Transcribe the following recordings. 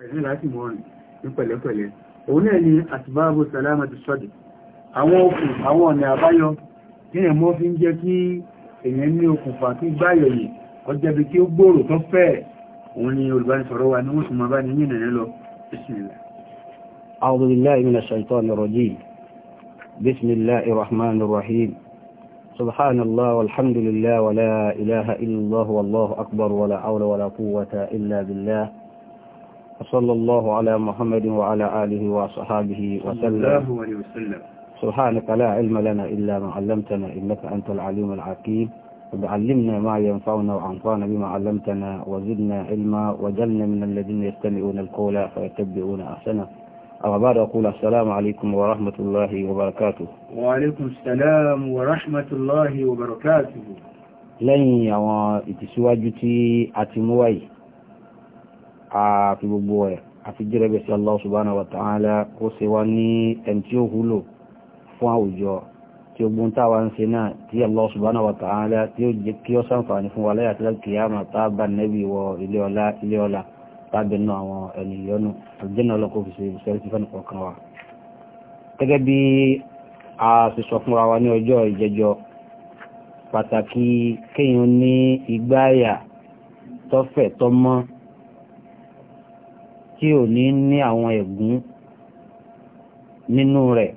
pẹ̀lú láti mọ́ rìn ní pẹ̀lẹ́pẹ̀lẹ́ òun náà ni àtìbáàbò sàlámà ti sọ́dì àwọn okùn àwọn ọ̀nà àbáyọ ní ẹ̀mọ́ fi ń jẹ́ kí èèyàn ní okùnfà kí gbáyọ̀yì ọjẹ́bi kí ó gbòòrò tó fẹ́ سبحان الله والحمد لله ولا إله إلا الله والله أكبر ولا حول ولا قوة إلا بالله وصلى الله على محمد وعلى آله وصحابه وسلم سبحانك لا علم لنا إلا ما علمتنا إنك أنت العليم الحكيم وعلمنا ما ينفعنا وأنفعنا بما علمتنا وزدنا علما وجلنا من الذين يستمعون القول فيتبعون أحسنه أما بعد أقول السلام عليكم ورحمة الله وبركاته وعليكم السلام ورحمة الله وبركاته لن يوا اتسواجتي أتموي àfi gbogbo ẹ̀ àfi jẹ́rẹ̀bẹ̀ sí Allah subhanahu wa ta'ala ó ṣe wá ní ẹni tí ó wúlò fún àwùjọ tí ó gbóntà wá ń ṣe náà tí Allah subhanahu wa ta'ala tí ó jẹ́ kí ó sàǹfààní fún wa láyà tí lákìyàmà tábà nẹ́bí wọ ilé ọlá ilé ọlá tàbí nínú àwọn ẹni ìyọnu àjẹ́nà ọlọ́kọ̀ fi ṣe ìṣẹ́rí ti fẹ́ni kọ̀ọ̀kan wa gẹ́gẹ́ bí a ṣe sọ fún wa ní ọjọ́ ìjẹjọ́ pàtàkì kéèyàn ní ìgbáyà tọ́fẹ̀ tọ́mọ́ tí ò ní ní àwọn ẹ̀gún nínú rẹ̀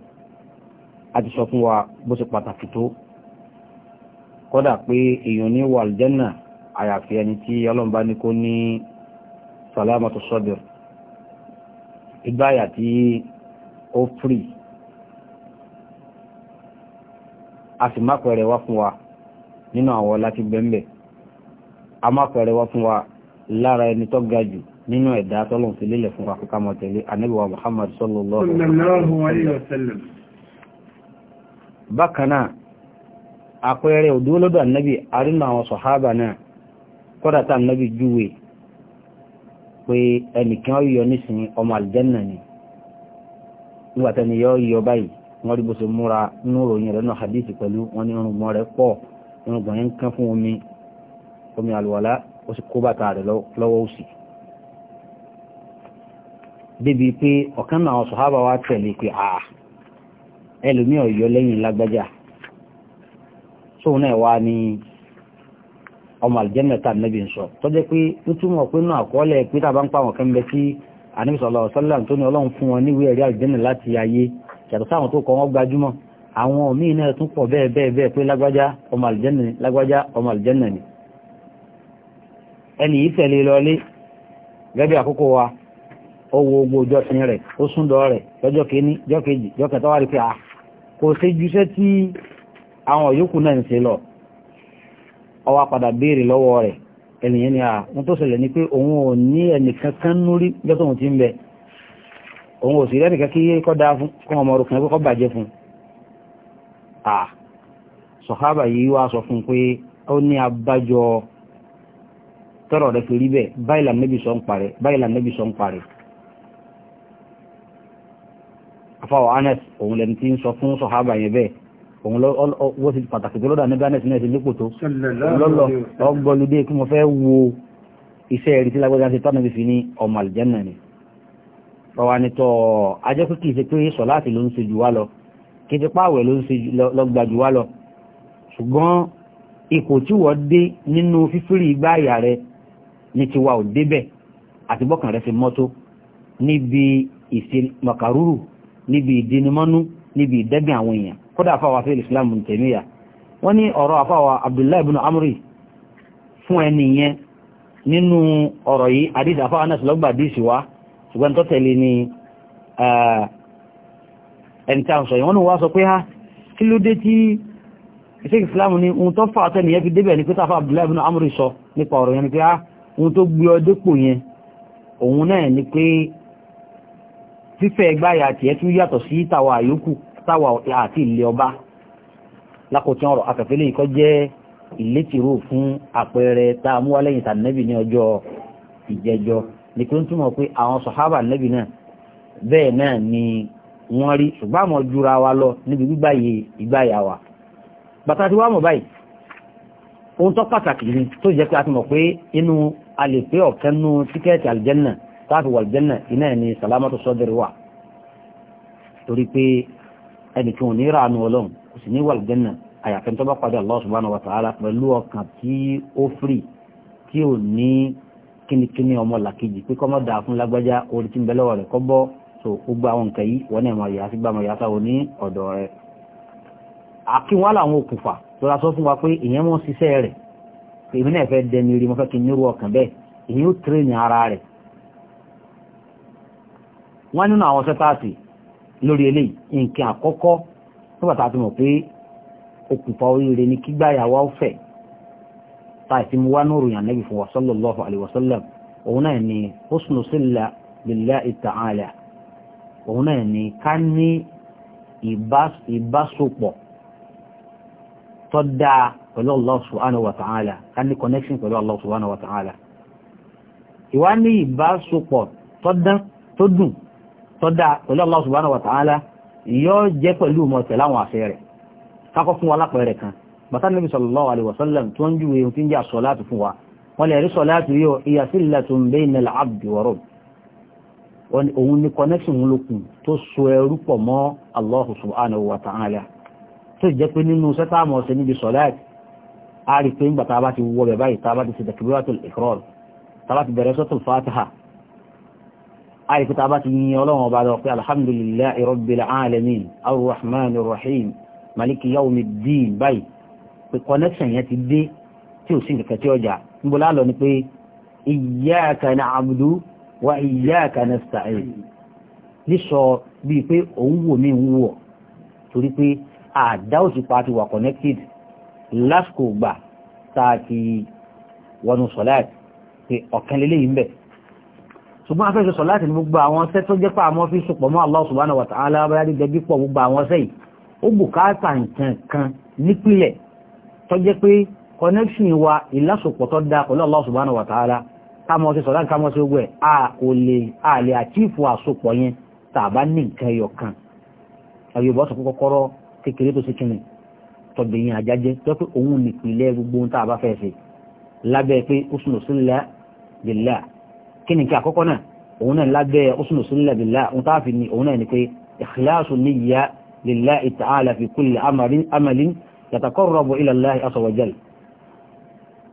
a ti sọ fún wa bó ṣe pàtàkì tó kódà pé èèyàn ní wàlìjẹ́nà àyàfi ẹni tí ọlọ́mbá ní kó ní salamatu sọ́bìr ìgbáyà tí ó fìrì a sì má pẹ̀rẹ̀ wá fún wa nínú àwọn láti bẹ́ńbẹ̀ a má pẹ̀rẹ̀ wá fún wa lára ẹni tó ga jù nínú ẹ̀dá tọ́lọ̀n fi lélẹ̀ fún akọ́kà mọ̀ tẹ̀lé anábíwa muhammad sallallahu alaihi wasallam bákanáà àpẹẹrẹ òdó lọ́dọ̀ annabi arínà àwọn sọ̀hábà náà kọ́dàtà annabi júwe pé ẹnìkan yíyọ nísìn ọmọ aljanna ni nígbàtẹni yọ yíyọ báyìí wọ́n rí bó ṣe múra nínú ròyìn rẹ̀ náà hadithi pẹ̀lú wọn ní irùngbọ̀n rẹ̀ pọ̀ irùngbọ̀n yẹn kán fún omi omi àlùwàlá ó sì kó bàtà rẹ̀ lọ́wọ́ òsì débi pé ọ̀kan náà sọ̀hábà wa tẹ̀lé pé àà ẹlòmí ọ̀yọ́ lẹ́yìn lágbájá sóun náà wá ní ọmọ àlìjẹ́mẹ̀ta níbi ń sọ tó jẹ́ pé ó túmọ̀ pé náà àkọọ́lẹ̀ pé tá a bá ń pa àwọn kan bẹ sí àníbìsọ̀lá ọ̀sọ́lá tó ní ọlọ́run fún wọn níwèé ẹ̀rí àlìjẹ́mẹ̀ láti ayé yàtọ̀ sáwọn tó kọ́ wọn gbajúmọ̀ àwọn míì náà tún pọ̀ bẹ́ẹ̀ bẹ́ẹ̀ bẹ́ẹ̀ pé lágbájá ọmọ àlìjẹ́nà ni lágbájá ọmọ àlìjẹ́nà ni ẹni yìí tẹ̀lé lọlé gẹ́gẹ́ àkókò wa owó ogbó ọjọ́sìn rẹ̀ ó súndọ̀ rẹ̀ lọ́jọ́ kìíní jọ́kejì jọ́kẹta wà rí pé a ah, kò sí jùṣẹ́ tí àwọn yòókù náà ń ṣe lọ ọwá padà béèrè lọ́wọ́ rẹ̀ ènìyàn ni a ah, wọ́n tó ṣẹlẹ̀ ní pé òun ò ní ẹnìkan kan núrí jọ́tọ̀hún ti ń bẹ òun ò sì rẹ́nìkan kí kọ́ dáa fún kọ́ ọmọ orúkún ẹgbẹ́ kọ́ bàjẹ́ fún a ah, sọ̀hábà yìí wá sọ fún pé ó ní abájọ tọ́rọ̀ rẹ̀ fi rí bẹ́ẹ̀ báyìí lànà sọ ń parẹ́ báyìí lànà sọ ń parẹ́ afáwọ̀ anes òun lẹni tí ń sọ fún sọ̀hábà yẹn bẹ́ẹ̀ òun lọ́wọ́ sí pàtàkì tó lọ́dà níbi anes náà ti nípò tó lọ́lọ́ ọgbọ́lùdé kí mo fẹ́ wo iṣẹ́ ẹ̀rí tí lágbàjá ti tọ́nà fífi ní ọmọ àlìjẹ́nà ni ọwà ni tọ́ ajẹ́ pé kìí ṣe pé sọ láti ló ń ṣe jù wá lọ kìí ṣe páwẹ̀ ló ń ṣe lọ́gbà jù wá lọ ṣùgbọ́n ipò tí wọ́n dé nínú fífúrí igbá rẹ ní tiwa ò débẹ̀ àti rẹ fi mọ́tò níbi ìṣe màkàrúrù níbi ìdínimọ́nú níbi ìdẹ́gbẹ̀ àwọn èèyàn kódà àfáwà fẹ́ islam tẹ̀míyà wọ́n ní ọ̀rọ̀ àfáwà abdullahi ibn amri fún ẹni yẹn nínú ọ̀rọ̀ yìí àdídà àfáwà náà sílọ́gbà díìsì wá ṣùgbọ́n tó tẹ̀lé ni ẹni tí a ń sọ yìí wọ́n ní wá sọ pé ha kí ló dé tí iṣẹ́ islam ní ohun tó fà tẹ́ni yẹn fi débẹ̀ ni pé táfà abdullahi ibn amri sọ nípa ọ̀rọ̀ yẹn ni pé ha ohun tó gbé ọ yẹn òun náà ni pé fífẹ́ ẹgbáyà àti ẹ̀ tún yàtọ̀ sí tàwa àyókù tàwa àti ilé ọba lákòótí ọ̀rọ̀ àtàfẹ́lẹ́ ikọ́ jẹ́ ìlétìró fún àpẹẹrẹ tá a mú wá lẹ́yìn tànẹ́bì ní ọjọ́ ìjẹjọ́ ní kí ó ń pé àwọn sọ̀hábà nẹ́bì náà bẹ́ẹ̀ náà ni wọ́n rí ṣùgbọ́n àmọ́ jura wa lọ níbi gbígbàyè ìgbàyà wa bàtà tí wàá mọ̀ báyìí ohun tó pàtàkì ni tó jẹ́ pé a ti mọ̀ pé inú alèpé ọ̀kẹ́ nú tíkẹ́ẹ̀tì àlìjẹ́nà táàfi wà jẹ́nà iná ẹni sàlámàtò sọ́dẹ̀rẹ̀ wà torí pé ẹni tí wọn ní ra àánú ọlọ́run kò sì ní wà jẹ́nà àyàfẹ́ tó bá padà Allah subhanahu wa ta'ala pẹ̀lú ọkàn tí ó fìrì tí ò ní kínníkínní ọmọ làkejì pé kọ́mọ́ dáa fún lágbájá orí tí ń bẹ lọ́wọ́ rẹ̀ kọ́ bọ́ so gbogbo àwọn nǹkan yìí wọ́n náà mọ̀ yà sí gbàmọ̀ yà sáwọn ní ọ̀dọ̀ rẹ̀ àkínwá làwọn òkùnfà tó ra sọ fún wa pé ìyẹn mọ̀ ṣiṣẹ́ rẹ̀ èmi náà fẹ́ dẹni rí mo fẹ́ kí n nírú ọkàn bẹ́ẹ̀ èyí ó tẹ̀lé ní ara rẹ̀ wọ́n nínú àwọn sẹ́tààtì lórí eléyìí nǹkan àkọ́kọ́ nígbàtà ti mọ̀ pé okùnfà oríire ni kígbà ìyàwó ọ̀fẹ́ táì ti mú wá ní òròyìn ànábì fún wa sallallahu alaihi wasallam òun náà ni husnu silla lillahi ta'ala òun náà ni ká ní ìbásopọ̀ tó dáa pẹ̀lú Allah subhanahu wa ta'ala ká ní connection pẹ̀lú Allah subhanahu wa ta'ala ìwá ní ìbásopọ̀ tó dùn tọ́dá pẹ̀lú Allah subhanahu wa ta'ala yóò jẹ́ pẹ̀lú mọ̀tẹ̀ láwọn àṣẹ rẹ̀ kákọ́ fún wa lápẹẹrẹ kan bàtà níbi sallallahu alaihi wasallam tó ń júwe ohun tí ń jẹ́ àsọ̀láàtù fún wa wọ́n lè rí sọ̀láàtù yóò iya sillatun bainal abdi wa rabb òun ni connection ń lókun tó so ń gbà tá a àìkúta bá ti yin ọlọ́run ọba lọ pé alhamdulillahi rabbil alamin arrahman arrahim maliki yawmiddin báyìí pé connection yẹn ti dé tí ò sí nǹkan tí ọjà ń bọ́ lálọ́ ni pé iyyaka na'budu wa iyyaka nasta'in nísọ bíi pé òun wò mí ń wò torí pé àdá òsì pa ti wà connected lásìkò gbà tá a ti wọnú sọ̀láàtì pé ọ̀kan lélẹ́yìn bẹ́ẹ̀ ṣùgbọ́n afẹ́ṣe sọ láti gbogbo àwọn ṣẹ́ tó jẹ́ pé àwọn fi sopọ̀ mọ́ Allah subhanahu wa ta'ala báyá dídẹ dípọ̀ gbogbo àwọn ṣẹ́ yìí ó bùkátà nǹkan kan nípìnlẹ̀ tó jẹ́ pé connection wa ìlásopọ̀ tó dáa pẹ̀lú Allah subhanahu wa ta'ala kámọ́ ṣe sọ̀rọ̀ kámọ́ ṣe gbogbo ẹ̀ a kò lè a lè àchífù àsopọ̀ yẹn tàbá ní nǹkan ẹyọ kan ẹ̀yọ̀bọ̀ sọ kọ́kọ́rọ́ kékeré tó ṣe kíni tọ̀gbẹ̀yìn àjájẹ́ tó pé òun nìpìnlẹ̀ gbogbo ohun kí ni kí àkọ́kọ́ náà òun náà lábẹ́ usnu sunna billah òun táà fi ni òun náà ni pé ikhlasu niyya lillahi ta'ala fi kulli amalin yataqarrabu ila Allahi azza wa jal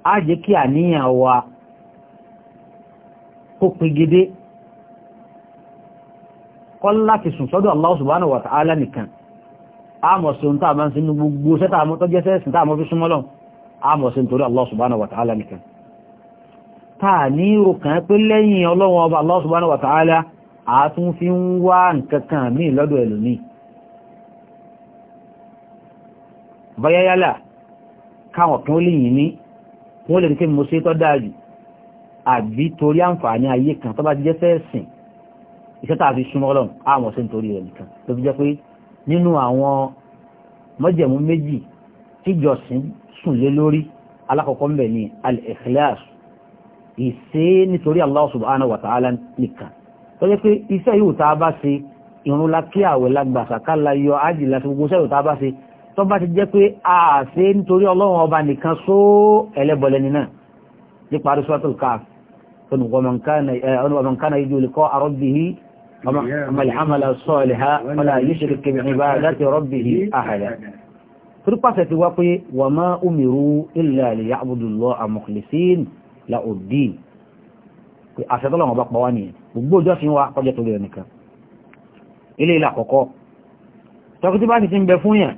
á jẹ́ kí àníyàn wa kó pegede kọ́ láti sùn sọ́dọ̀ Allah subhanahu wa ta'ala torí Allah subhanahu wa nìkan táà ní ròkàn pé lẹ́yìn ọlọ́run ọba Allah subhanahu wa ta'ala àátún fi ń wá nǹkan kan míì lọ́dọ̀ ẹlòmíì bayayala káwọn kan lè yìn ní wọ́n lè ní kí mo ṣe tọ́ dáa jù àbí torí àǹfààní ayé kan tó bá jẹ́ fẹ́ sìn iṣẹ́ tàà fi súnmọ́ ọlọ́run àmọ̀ sí nítorí rẹ̀ nìkan tó fi jẹ́ pé nínú àwọn mọ́jẹ̀mú méjì tíjọsìn sùn lé lórí alákọ̀ọ́kọ́ ń bẹ al-ikhlas ìṣe nítorí Allah subhanahu wa ta'ala nìkan tó jẹ́ pé iṣẹ́ yóò tá bá ṣe ìrúnlá kí àwẹ̀ lágbàṣàkálà yọ ájìlá sí gbogbo iṣẹ́ yóò tá bá ṣe tó bá ti jẹ́ pé a ṣe nítorí ọlọ́run ọba nìkan só ẹlẹ́bọ̀lẹ́ni la òdì pé àṣẹ tọ́lọ́wọ́n bá pa wá nìyẹn gbogbo ọjọ́ sí wa kọjá torí rẹ̀ nìkan ilé ilé àkọ́kọ́ tọ́kítí bá ti ti ń bẹ fún yàn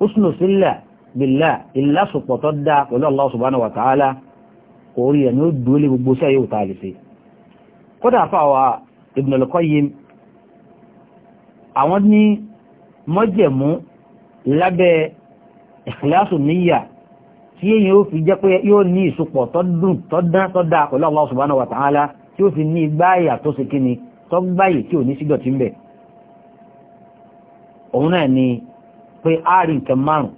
ó sùnà sílẹ̀ bìlá ìlàsùpọ̀ tó dá pẹ̀lú Allah subhanahu wa ta'ala kò rí ẹ̀ ní ó dúró lé gbogbo sí ayé òta lè ṣe kódà fáwa Ibn tí èyàn ó fi jẹ́ pé yóò ní ìsopọ̀ tọ́dún tọ́dá tọ́dá pẹ̀lú Allah subhanahu wa ta'ala tí ó fi ní igbáyà tó ṣe kíni tọ́gbáyè tí ò ní sídọ̀tí ń bẹ̀ òun náà ni pé a rí nǹkan márùn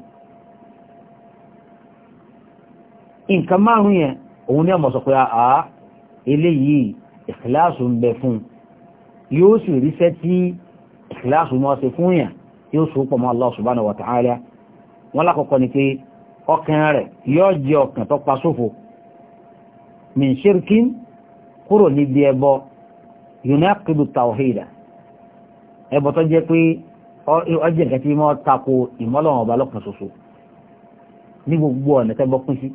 nǹkan márùn yẹn òun ní ọmọ sọ pé àá eléyìí ìkìláàsù ń bẹ fún yóò sì ríṣẹ́ tí ìkìláàsù mọ́ ṣe fún yàn yóò sọ pọ̀ mọ́ Allah subhanahu wa ta'ala wọn lákọ̀ọ́kọ́ ọkàn rẹ̀ yóò jẹ ọkàn tó pa sófo min ṣirkin kúrò níbi ẹbọ yunaqidu tawhida ẹbọ tó jẹ́ pé ọjẹ́ nǹkan tí mọ́ tako ìmọ́lọ̀wọ̀n ọba lọ́kàn ṣoṣo ní gbogbo ọ̀nà tẹ́bọ́ pín sí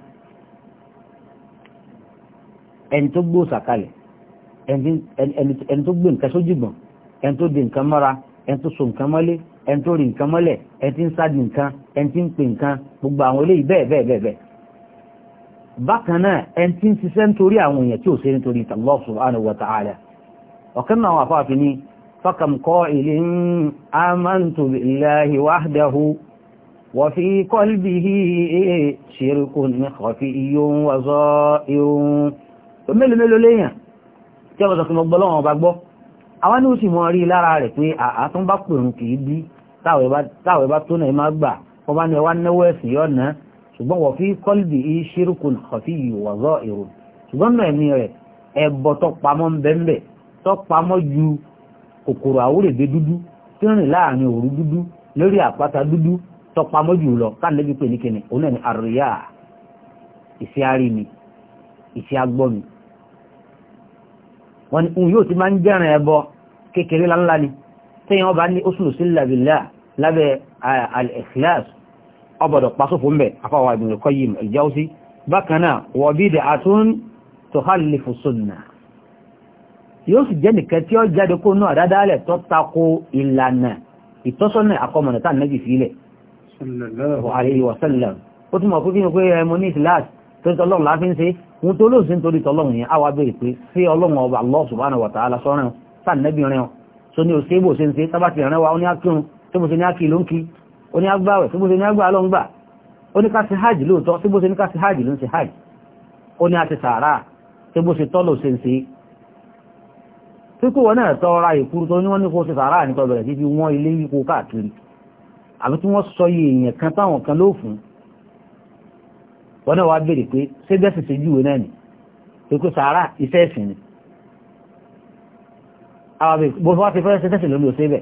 ẹni tó gbó sàkalẹ̀ ẹni tó gbé nǹkan sójúgbọ̀n ẹni tó di nǹkan mọ́ra ẹni tó so nǹkan mọ́lé ẹni tó rí nǹkan mọ́lẹ̀ ẹni tí ń sáàdì nǹkan ẹni tí ń pè nǹkan gbogbo àwọn eléyìí bẹ́ẹ̀ bẹ́ẹ̀ bẹ́ẹ̀ bẹ́ẹ̀ bákan náà ẹni tí ń ṣiṣẹ́ nítorí àwọn èèyàn tí ò ṣe nítorí Allah subhanahu wa ta'ala ọ̀kan náà wà fáfin ní فكم قائل آمنت بالله وحده وفي قلبه شرك خفي وظائر mélòó mélòó léèyàn tí ọ̀sọ̀ tí mo gbọ́ lọ́wọ́ ọba gbọ́ àwọn ní ó sì mọ́ rí lára rẹ̀ pé àátún bá pèrún kìí bí táwẹ̀ bá tó náà má gbà wọ́n bá ní ẹwà náwó ẹ̀sìn yọ̀ náà ṣùgbọ́n wọ́n fi kọ́lìdì yìí ṣírùkùn kọ̀fí yìí wọ̀zọ́ èrò ṣùgbọ́n náà ẹ̀mí rẹ̀ ẹ̀bọ̀ tó pamọ́ bẹ́ẹ̀ tó pamọ́ ju kòkòrò àwúrèdè dúdú tí ń rìn láàrin òru dúdú lórí àpáta dúdú tó pamọ́ jù lọ káàlẹ́bí pè ní kíni òun náà ni àríyá ìṣe arí mi ìṣe agbọ́ mi lábẹ́ al-ikhlas ọbọ̀dọ̀ pàṣọ́fò mẹ́ afáwà Ibn al-Qayyim al-Jawzi bákanáà wa bid'atun tukhalifu sunnah yóò sì jẹ́ nìkan tí ó jáde kó náà dádálẹ̀ tó tako ìlànà ìtọ́sọ́nà àkọmọ̀nà tá nẹ́bì sílẹ̀ sallallahu alaihi wa sallam ó túnmọ̀ pé kí ni pé ẹmọ ní ìsìláàs tó ń tọ́lọ́run láfín ṣe ń tó lóòsí ń torí tọ́lọ́run yẹn àwa bèèrè pé tí mo ṣe ní á kí ló ń kí ó ní agbáwẹ̀ tí mo ṣe ní agbá ló ń gbà ó ká ṣe hajj lóòótọ́ tí mo ṣe ní ká ṣe hajj ló ń ṣe hajj ó ní a ti sàárà tí mo ṣe tọ́lọ̀ ṣe ń ṣe tí kò wọ́n náà tọ́ ra ìkúrú tó ní wọ́n ní kó ṣe sàárà nípa bẹ̀rẹ̀ sí fi wọ́n ilé yípo káàkiri àbí tí wọ́n sọ iye èèyàn kan táwọn kan ló fún wọ́n náà wá béèrè pé ṣé bẹ́sẹ̀ ṣe júwe náà ni pé kó sàárà iṣẹ́ ìsìn ni àwọn bó wá ti fẹ́ ṣe tẹ́sìn lórí òṣèbẹ̀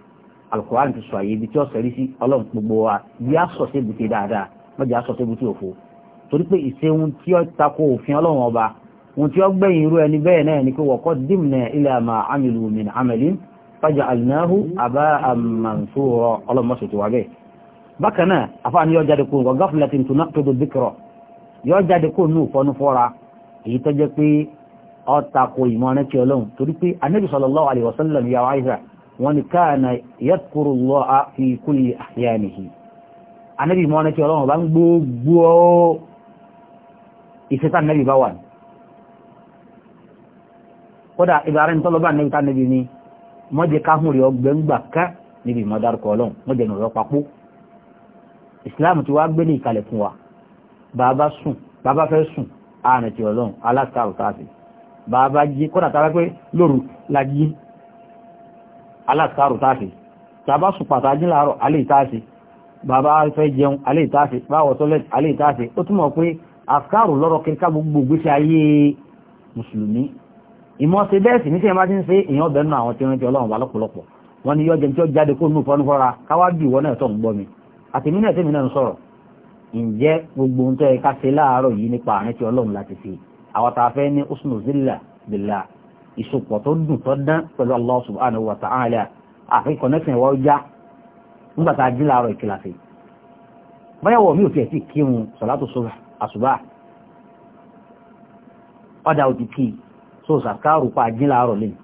alukoran ti sọ àyè ibi tí ó sẹ́rí sí ọlọ́run gbogbo wa bí a sọ sébùté dáadáa mọ́jà a sọ sébùté òfo torí pé ìṣeun tí ó tako òfin ọlọ́run ọba ohun tí ó gbẹ̀yìn irú ẹni bẹ́ẹ̀ náà ni pé wọ́kọ́ dìmnà ilẹ̀ àmà àmìlú min amalin fájà alìnáhù àbá àmàǹsóòrọ ọlọ́mọṣẹ́ ti wà bẹ́ẹ̀ bákan náà afáàní yóò jáde kóńgọ gáfúlẹ̀ tí tó náà tó dìkọ̀rọ̀ yóò jáde kóńnú fọnú fọ́ra èyí tó jẹ́ pé ó ìmọ̀ ọ̀rẹ́ ti ọlọ́run torí pé anábì sallallahu alaihi wasallam yà wáyà wọ́n ni káàna yẹ́kùrù lọ fi kúlì àyànìhì anábì mọ́ ọ́nà tí ọlọ́run bá ń gbogbo ìṣẹ́ta anábì bá wà ní kódà ìbára ní tọ́lọ́bà anábì tánábì ni mọ́jẹ káhùn rẹ̀ ọgbẹ̀ngbà ká níbi ìmọ̀dárúkọ ọlọ́run mọ́jẹ aláàtàrù táàṣì tàbá sùpàtà jínláàrọ̀ aléìtáàṣì bàbá fẹ́ jẹun aléìtáàṣì báwọ̀ tọ́lẹ̀tì aléìtáàṣì ó túnmọ̀ pé àkàrù lọ́rọ̀ kíríkà gbogbo gbésí ayé mùsùlùmí ìmọ̀ọ́sẹ̀ bẹ́ẹ̀ sì ní tí ẹ bá ti ń ṣe èèyàn ọbẹ̀ nínú àwọn tí wọ́n ti ọlọ́run wà lọ́pọ̀lọpọ̀ wọ́n ní yọjẹ tí ó jáde kó nù fọ́nú fọ́ra káwá bí ìwọ náà tó ń gbọ́ mi àtìmí ká ṣe ìsopọ̀ tó dùn tó dán pẹ̀lú Allah subhanahu wa ta'ala àfi connection wa já nígbà tá a jí láàárọ̀ ìkìlàsì báyàwó mi ò tiẹ̀ tí kírun sọ̀látò àṣùbà ọ̀dà òtì kì í so sàkárù pa jí láàárọ̀ lẹ́yìn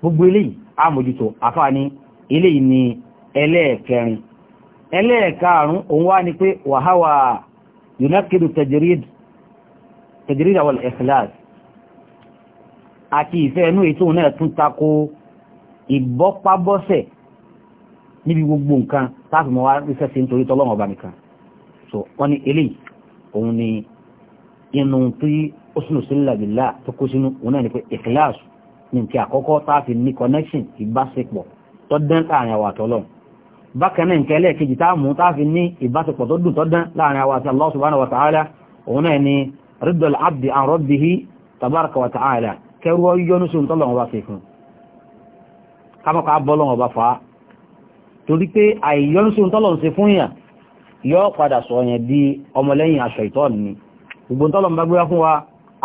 gbogbo eléyìí àmójútó àfáàní eléyìí ni ẹlẹ́ẹ̀kẹrin ẹlẹ́ẹ̀karùn òun wá ní pé wàháwà yunakidu tajrid tẹ̀jìrìdà wal ikhlas àti ìfẹ́ ẹnú ètò náà tún tako ìbọ́pábọ́sẹ̀ níbi gbogbo nǹkan táàfì mọ́ wá sí nítorí tọ́lọ́run ọba nìkan so wọ́n ní eléyìí òun ni inú tí ó sínú sílẹ̀ bìlá tó kó sínú òun náà ni pé ikhlas ní nǹkan àkọ́kọ́ táàfì ní connection ìbáṣepọ̀ tó dán láàrin àwọn àtọ́lọ́run bákan náà nǹkan ẹlẹ́ẹ̀kejì táàmù táàfì ní ìbáṣepọ̀ tó dùn tó dán láàrin àwọn àti Allah ridal abdi an rabbihi tabaraka wa ta'ala kẹrù ọyọ́nú sí ìtọ́lọ̀ ọba fi fún kápọ̀kọ̀ abọ́lọ̀ ọba fa torí pé àìyọ́nú sí ìtọ́lọ̀ sí fún yà yọ́ padà sọ yẹn di ọmọlẹ́yìn aṣọ ìtọ́ ni gbogbo ìtọ́lọ̀ bá gbéra fún wa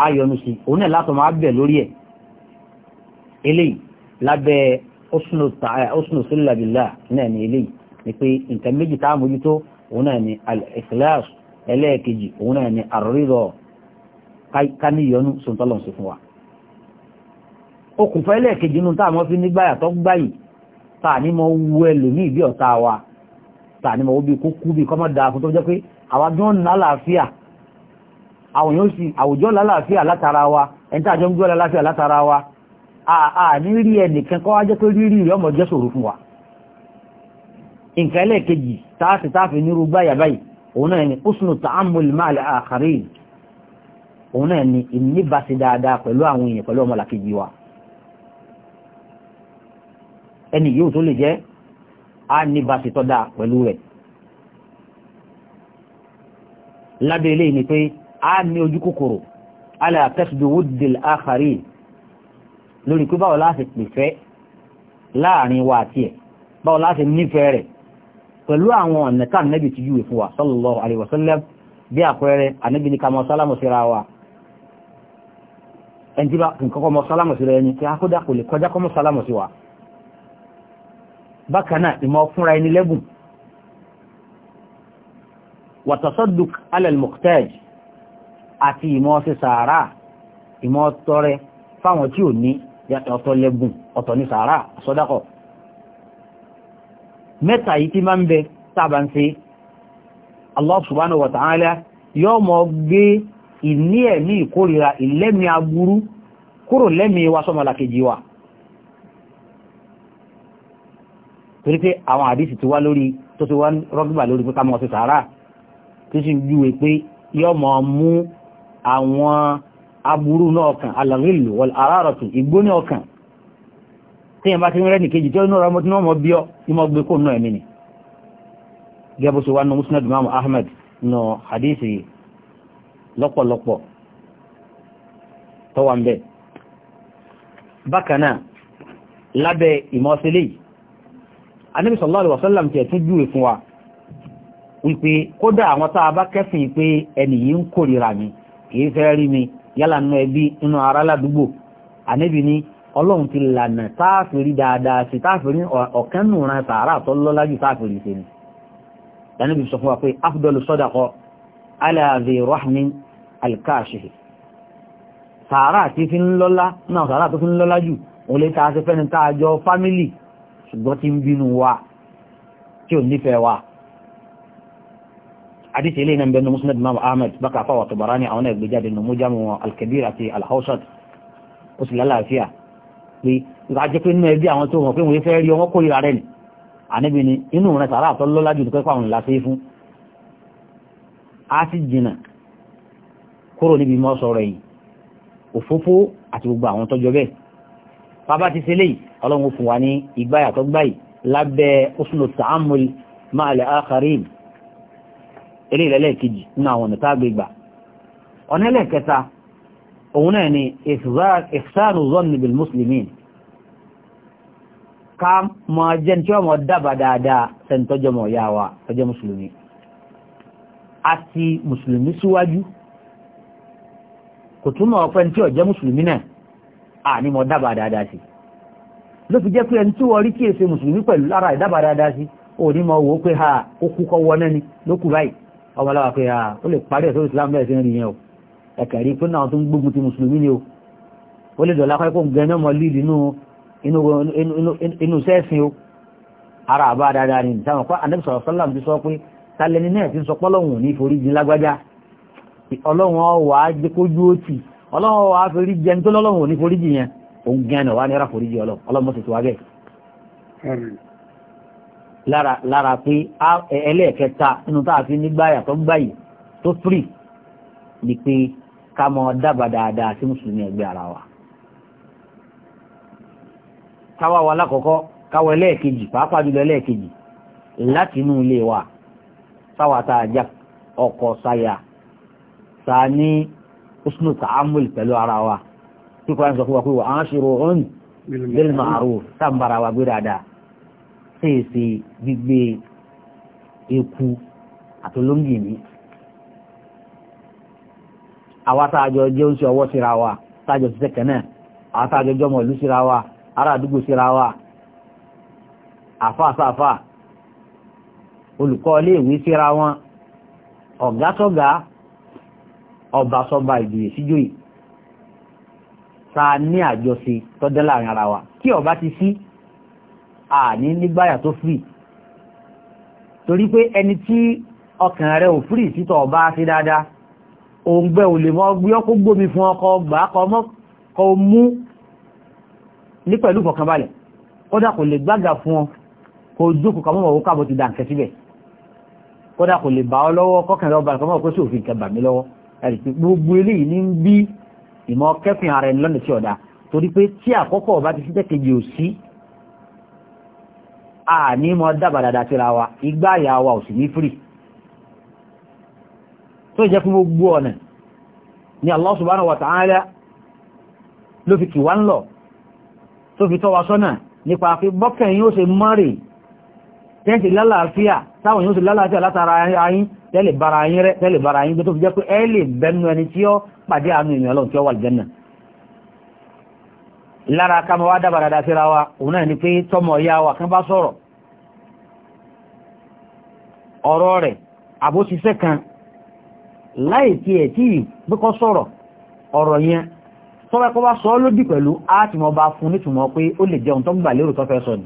ayọ́nú sí òun náà látọ̀ máa bẹ̀ lórí ẹ̀ eléyìí lábẹ́ osùnù eh, sílẹ̀bìlà náà ni eléyìí ni pé nǹkan méjì tá a mójútó òun náà ni al-ikhlas ẹlẹ́ẹ̀kejì òun náà ni àrírọ̀ ká ní ìyọnu sọ̀tọ́lọ̀ sí fún wa okùnfẹ́ lẹ́ẹ̀kejì inú táà mọ́ fi nígbàyà tó gbáyì táà ní mọ́ wú ẹlòmíì bí ọ̀tá wa táà ní mọ́ bí kó kú bí kọ́mọ́ da fún tó jẹ́ pé àwa dún lálàáfíà àwọn yóò sì àwùjọ lálàáfíà látara wa ẹni táàjọ ń gbé lálàáfíà látara wa àà rí ẹnìkan kọ́ wájẹ́ pé rírí rẹ̀ ọmọ jẹ́ ṣòro fún wa nǹkan ẹlẹ́ẹ̀kejì táà sì nírú gbáyà báyìí òun náà ni ó sùn tààmù ìmáàlì òun náà ni ìníbàṣe dáadáa pẹ̀lú àwọn èèyàn pẹ̀lú ọmọlàkejì wa ẹni yóò tó lè jẹ́ á níbàṣe tọ́ dáa pẹ̀lú rẹ̀ lábẹ́ eléyìí ni pé á ní ojú kòkòrò alẹ́ àtẹ́sùdù wúdìl àkàrí lórí pé báwo láti pèfẹ́ láàrin wa àti ẹ̀ báwo láti nífẹ̀ẹ́ rẹ̀ pẹ̀lú àwọn ọ̀nà tá ànábì ti júwe fún wa sallallahu alaihi wasallam bí àpẹẹrẹ ànábì ní ká wa ẹnjí bá nǹkan ọmọ sálámù sí rẹ̀ ẹni tí a kó dákò lè kọjá kọmọ sálámù sí wa bákan náà ìmọ̀ fúnra ẹni lẹ́bùn wàtàsọ́dùk alẹ́lmọ̀tẹ́j àti ìmọ̀ ṣe sàárà ìmọ̀ tọrẹ fáwọn tí ò ní ọ̀tọ̀ lẹ́bùn ọ̀tọ̀ ní sàárà sọ́dákọ̀ mẹ́ta yìí tí máa ń bẹ tábà ń ṣe Allah subhanahu wa ta'ala yóò mọ̀ gbé ìní ẹ̀mí ìkórira ìlẹ́mí aburú kúrò lẹ́mí wa sọ́mọlàkejì wa torí pé àwọn àdísì tó wá lórí tó ti wá rọ́gbà lórí pé ká mọ́ sí sàárà tó sì júwe pé yọ́ mọ̀ mú àwọn aburú náà ọkàn alàrílù wọ́n arárọ̀tù ìgbóní ọkàn tí yẹn bá ti rẹ́ nìkejì ahmed nù hadisi lọ́pọ̀lọpọ̀ tọ́wà ń bẹ̀. bákanáà lábẹ́ ìmọ̀sílẹ̀ yìí Ànábì sallallahu alaihi wasallam ti ẹ̀tún júwe fún wa wípé kódà àwọn tá a bá kẹ́sìn pé ẹni yìí ń kórìíra mi kìí fẹ́ rí mi yálà nínú ẹbí inú ara ládùúgbò Ànábì ni ọlọ́run ti lànà táàfìrí dáadáa sí táàfìrí ọ̀kẹ́nù ran sàárà tó lọ́lájú táàfìrí sí ni Ànábì sọ fún wa pé afdalu sadaqa aláàbí rahmin alkaṣe sàárà tí fi ń lọ́lá náà sàárà tó fi ń lọ́lá jù o lè tàà sí fẹ́ni tààjọ fámílì ṣùgbọ́n tí ń bínú wa tí ò nífẹ̀ẹ́ wa hadith ilé iná bẹnu musnad imam ahmed baka fáwà tọbara ní àwọn ẹgbẹ́ jáde nùmú jámù alkabir àti alhausat ó sì lálàáfíà pé ìgbà jẹ́ pé nínú ẹbí àwọn tó mọ̀ pé wọ́n fẹ́ rí ọmọ kórìíra rẹ̀ ni àníbi ni inú rẹ̀ sàárà tó lọ́lá jù nípa àwọn ìlàsẹ́ fún a sì jìnà kúrò níbi mọ́ sọ̀rọ̀ yìí òfófó àti gbogbo àwọn tọ́jọ́ bẹ́ẹ̀ bàbá ti ṣe léyìí ọlọ́run fún wa ní ìgbáyà tó gbáyì lábẹ́ uslu ta'amul ma'al akharin eré ìlẹ́lẹ́kejì nínú àwọn ọ̀nà tágbé gbà ọ̀nà ẹlẹ́kẹta òun náà ni ihsanu zanni bil muslimin ká mọ jẹ́ tí wọ́n mọ dábàá dáadáa sẹ́ni tọ́jọ́ mọ̀ yá wa tọ́jọ́ mùsùlùmí àti mùsùlùmí síwájú kò túmọ̀ ọ̀pẹ́ tí ó jẹ́ mùsùlùmí náà àní mọ̀ dábàá dáadáa sí ló fi jẹ́ pé ẹni tí wọ́n rí kí èsè mùsùlùmí pẹ̀lú lára ìdábàá dáadáa sí ò ní mọ̀ wò ó pé ha ó kú kọ́ wọ́n náà ni ló kù báyìí ọmọláwà pé ha ó lè parí ẹ̀sọ́ Islam bẹ́ẹ̀ sí rìn yẹn o ẹ̀kẹ́ rí pé náà tó ń gbógun ti mùsùlùmí ni o ó lè dọ̀lá kọ́ gan náà mọ líìlì inú sẹ́ẹ̀sìn o ara àbá dáadáa ni táwọn anábìsọ̀rọ̀ sọ́lá ti sọ pé talẹni náà ti sọ pọ́lọ́hùn ní foríjì lágbájá ọlọ́hùn ọwà jẹ́kójú òtì ọlọ́hùn ọwà forí jẹun tó lọ́lọ́hùn ní foríjì yẹn òun gan náà wà ní ara foríjì ọlọ́hùn mọ́sẹ̀ tó wá bẹ́ẹ̀. lára lára pé ẹlẹ́ẹ̀kẹta nínú tá a fi nígbà yàtọ̀ gbàyè tó firi ni pé ká mọ dábàá dáadáa sí mùsùlùmí ẹgbẹ́ ara wa. káwa wa lákọ̀ọ́kọ́ káwa ẹlẹ́ẹ̀kejì pàápàá jùlọ ẹlẹ́ẹ̀kejì látinú ilé wa sáwàtà àjà ọkọ sáyà sa ní usnu ta'amul pẹ̀lú ara wa tí kò ń sọ fún wa pé wa ashiru un bil ma'ruf sáǹbara wa gbé dáadáa ṣèèṣe gbígbé eku àti olóńgì ní àwa táàjọ jẹ́ oúnjẹ ọwọ́ síra wa táàjọ ti tẹ́kẹ̀ náà àwa táàjọ jọmọ̀ ìlú síra wa ará àdúgbò síra wa àfáàfáàfáà olùkọ́ iléèwé síra wọn ọ̀gá sọ́gá ọba sọba ìdìyẹ síjó yìí ta ní àjọṣe tọ́jọ́ láàrin ara wa kí ọba ti sí àní nígbàyà tó fìrì torí pé ẹni tí ọkàn rẹ̀ ò fìrì sítọ̀ ọba ṣe dáadáa òun gbẹ́ ò lè mọ́ gbé ọkọ̀ gbómi fún ọkọ̀ gbà á kọ́ mọ́ kọ́ mú ní pẹ̀lú fọkànbalẹ̀ kódà kò lè gbága fún ọ kò jókòó kàmọ́ mọ̀ káàbọ̀ ti dànkẹ́ síbẹ̀ kódà kò lè bá ọ lọ́wọ́ kọ́kànlá ọba nǹkan mọ̀ pé sófin nǹkan bà mí lọ́wọ́ ẹ̀rì pé gbogbo eléyìí ní ń bí ìmọ̀ kẹ́fìn ara ẹni lọ́nà tí ọ̀dà torí pé tí àkọ́kọ́ ọba ti sí tẹ́kejì ò sí àní mọ dábàdàdà síra wa igbá àyà wa ò sì ní fírì tó jẹ́ fún gbogbo ọ̀nà ni Allah subhanahu wa ta'ala ló fi kì wá ń lọ tó fi tọ́ wa sọ́nà nípa pé bọ́kẹ̀ yóò ṣe mọ́rìí tẹ́ǹtì lálàáfíà táwọn yóò sì lálàáfíà látara ayín tẹ́lẹ̀ bara ayín rẹ̀ tẹ́lẹ̀ bara ayín tó fi jẹ́ pé ẹ lè bẹnu ẹni tí ó pàdé àánú ìrìn ọlọ́run tí ó wà lẹ́nà lára kama wá dábàrà dá síra wa òun náà ni pé tọmọ ìyá wa kan bá sọ̀rọ̀ ọ̀rọ̀ rẹ̀ àbóṣiṣẹ́ kan láì tí ẹ̀ tí gbékọ́ sọ̀rọ̀ ọ̀rọ̀ yẹn tọ́wẹ́kọ́ bá sọ lódì pẹ̀lú á ti mọ̀ bá fún nítumọ̀ pé ó lè jẹun tó gbà lérò tó sọ ni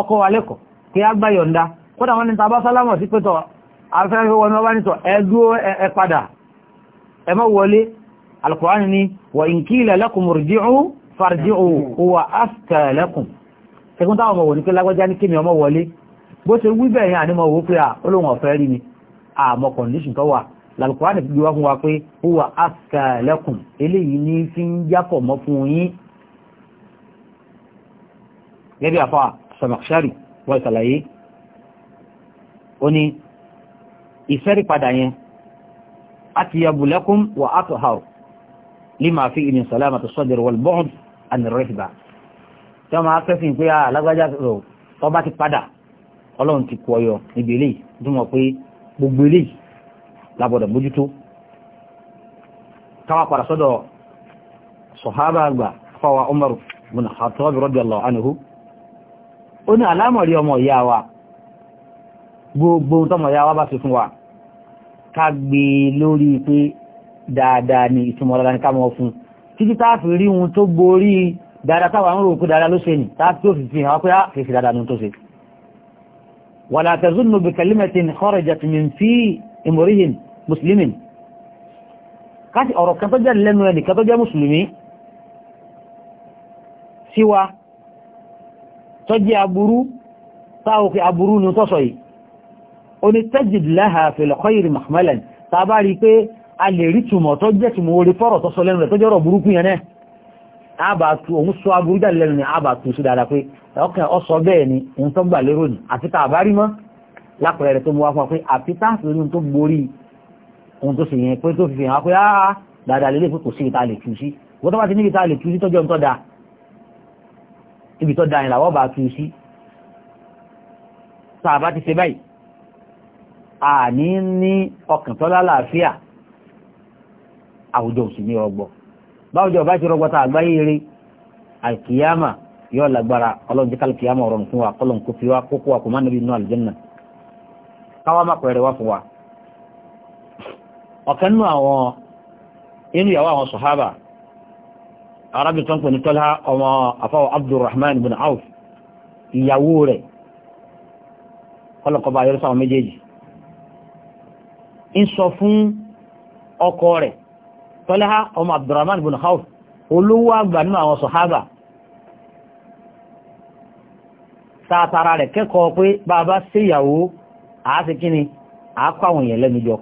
ọkọ̀ wa lẹ́kọ̀ọ́ kí á gbá yọ̀ǹda kódà wọ́n ní tàbá sálámọ̀ sí pẹ́tọ̀ afẹ́fẹ́ wọn wá nítọ̀ ẹdúó ẹ padà ẹ má wọlé alkùránì ni wà in qila lakum irji'u farji'u huwa afka lakum ṣẹkún táwọn ọmọ wò ní pé lágbájá ní kémi ọmọ wọlé bó ṣe wí bẹ̀rẹ̀ àní mọ̀ wó pé à olóhùn ọ̀fẹ́ rí ni àmọ́ condition tó wà lalkùránì fi wá fún wa pé huwa afka lakum eléyìí ní fi ń jápọ̀ mọ́ fún yín gẹ́gẹ́ àfáà sọmọ̀ṣárì wọ́n ṣàlàyé ó ní ìfẹ́rí padà yẹn atyabu lakum wa athhar lima fi min salamati sadr wal bu'd an ar-rihba tí wọ́n máa kẹ́fìn pé alágbájá rò tó bá ti padà ọlọ́run ti kú níbi eléyìí dúnmọ̀ pé gbogbo eléyìí labọ̀dọ̀ mójútó káwà padà sọ́dọ̀ sọ̀hábà àgbà fáwa Umar bin Khattab radiyallahu anhu ó ní àlámọ̀rí ọmọ ìyá wa gbogbo tọmọ ìyá wa bá ṣe fún wa ká gbé e lórí pé dáadáa ni ìtumọ̀ dáadáa ni ká mọ̀ fún títí táà fi rí ohun tó borí dáadáa táwa ń rò pé dáadáa ló ṣe nì táà tí ó fi fi hàn pé á ah, fèsì dáadáa fi imri'in tó jẹ́ aburú táwọn aburú ní tọ́sọ̀ yìí o ní tajid laha fil khayri mahmalan tàbá rí pé a lè rí túmọ̀ tó jẹ́ túmọ̀ orí fọ́rọ̀ tó sọ lẹ́nu rẹ̀ tó jẹ́rọ̀ burúkú yẹn náà àbàtú òun sọ aburú jáde lẹ́nu ni àbàtú sí dáadáa pé ọkàn ọsọ bẹ́ẹ̀ ni òun tó gbà lérò ní àti tá àbá rí mọ́ lápẹ̀rẹ̀ wọ́n tó bá ti níbi ìta lè tú sí tọ́jú ohun dáa ibi tó dáyìn làwọ́ bá tún sí tàbá ti ṣe báyìí a ní ní ọkàn tó lálàáfíà àwùjọ òsì ní ọgbọ̀ báwùjọ bá ti rọgbọ́ta àgbáyé rí alkiyama yóò lágbára ọlọ́run jẹ́ kálkiyama ọ̀rọ̀ fún wa kọlọ̀n kó fi wá kókó wa kò arábìn tó ń pè ní tọ́lá ọmọ afáwọ̀ abdulrahman bin auf ìyàwó rẹ̀ kọ́lọ̀kọ́ba ayọ́rọ́ sáwọn méjèèjì ń sọ fún ọkọ rẹ̀ tọ́lá ọmọ abdulrahman bin auf olówó àgbà nínú àwọn sọ̀hábà tààtàrà rẹ̀ kẹ́kọ̀ọ́ pé bàbá síyàwó àá ti kíni àá kọ́ àwọn èèyàn lẹ́nu jọ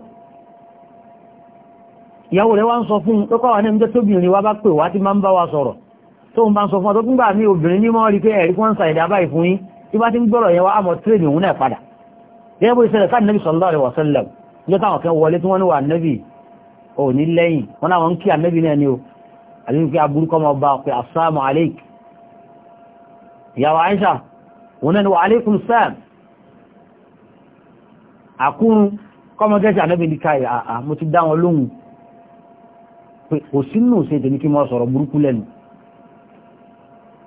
ìyàwó rẹ̀ wá ń sọ fún un lọ́kọ́ wà ní ẹmjẹ́ tóbìnrin wá bá pè wá tí máa ń bá wa sọ̀rọ̀ tó ń bá ń sọ fún ọ tó tún gbà ní obìnrin ní mọ́ rí pé ẹ̀rí fún ṣàì dábà ìfún yín tí bá ti ń gbọ́rọ̀ yẹn wá àmọ́ tírèdì òun náà padà gẹ́gẹ́ bó ìṣẹ̀lẹ̀ sáà nẹ́bí sallallahu alaihi wasallam ìjọ táwọn kan wọlé tí wọ́n ní wà nẹ́bí ò ní lẹ́yìn wọn ni o àbí pé aburú kọ́ mọ́ bá pé ni wà alaikum salam àkúrú kọ́mọ gẹ́sì ànẹ́bí ní káyà àmọ́ ti dá wọn lóhùn pé kò sínú ṣe tèmi kí mọ́ sọ̀rọ̀ burúkú lẹ́nu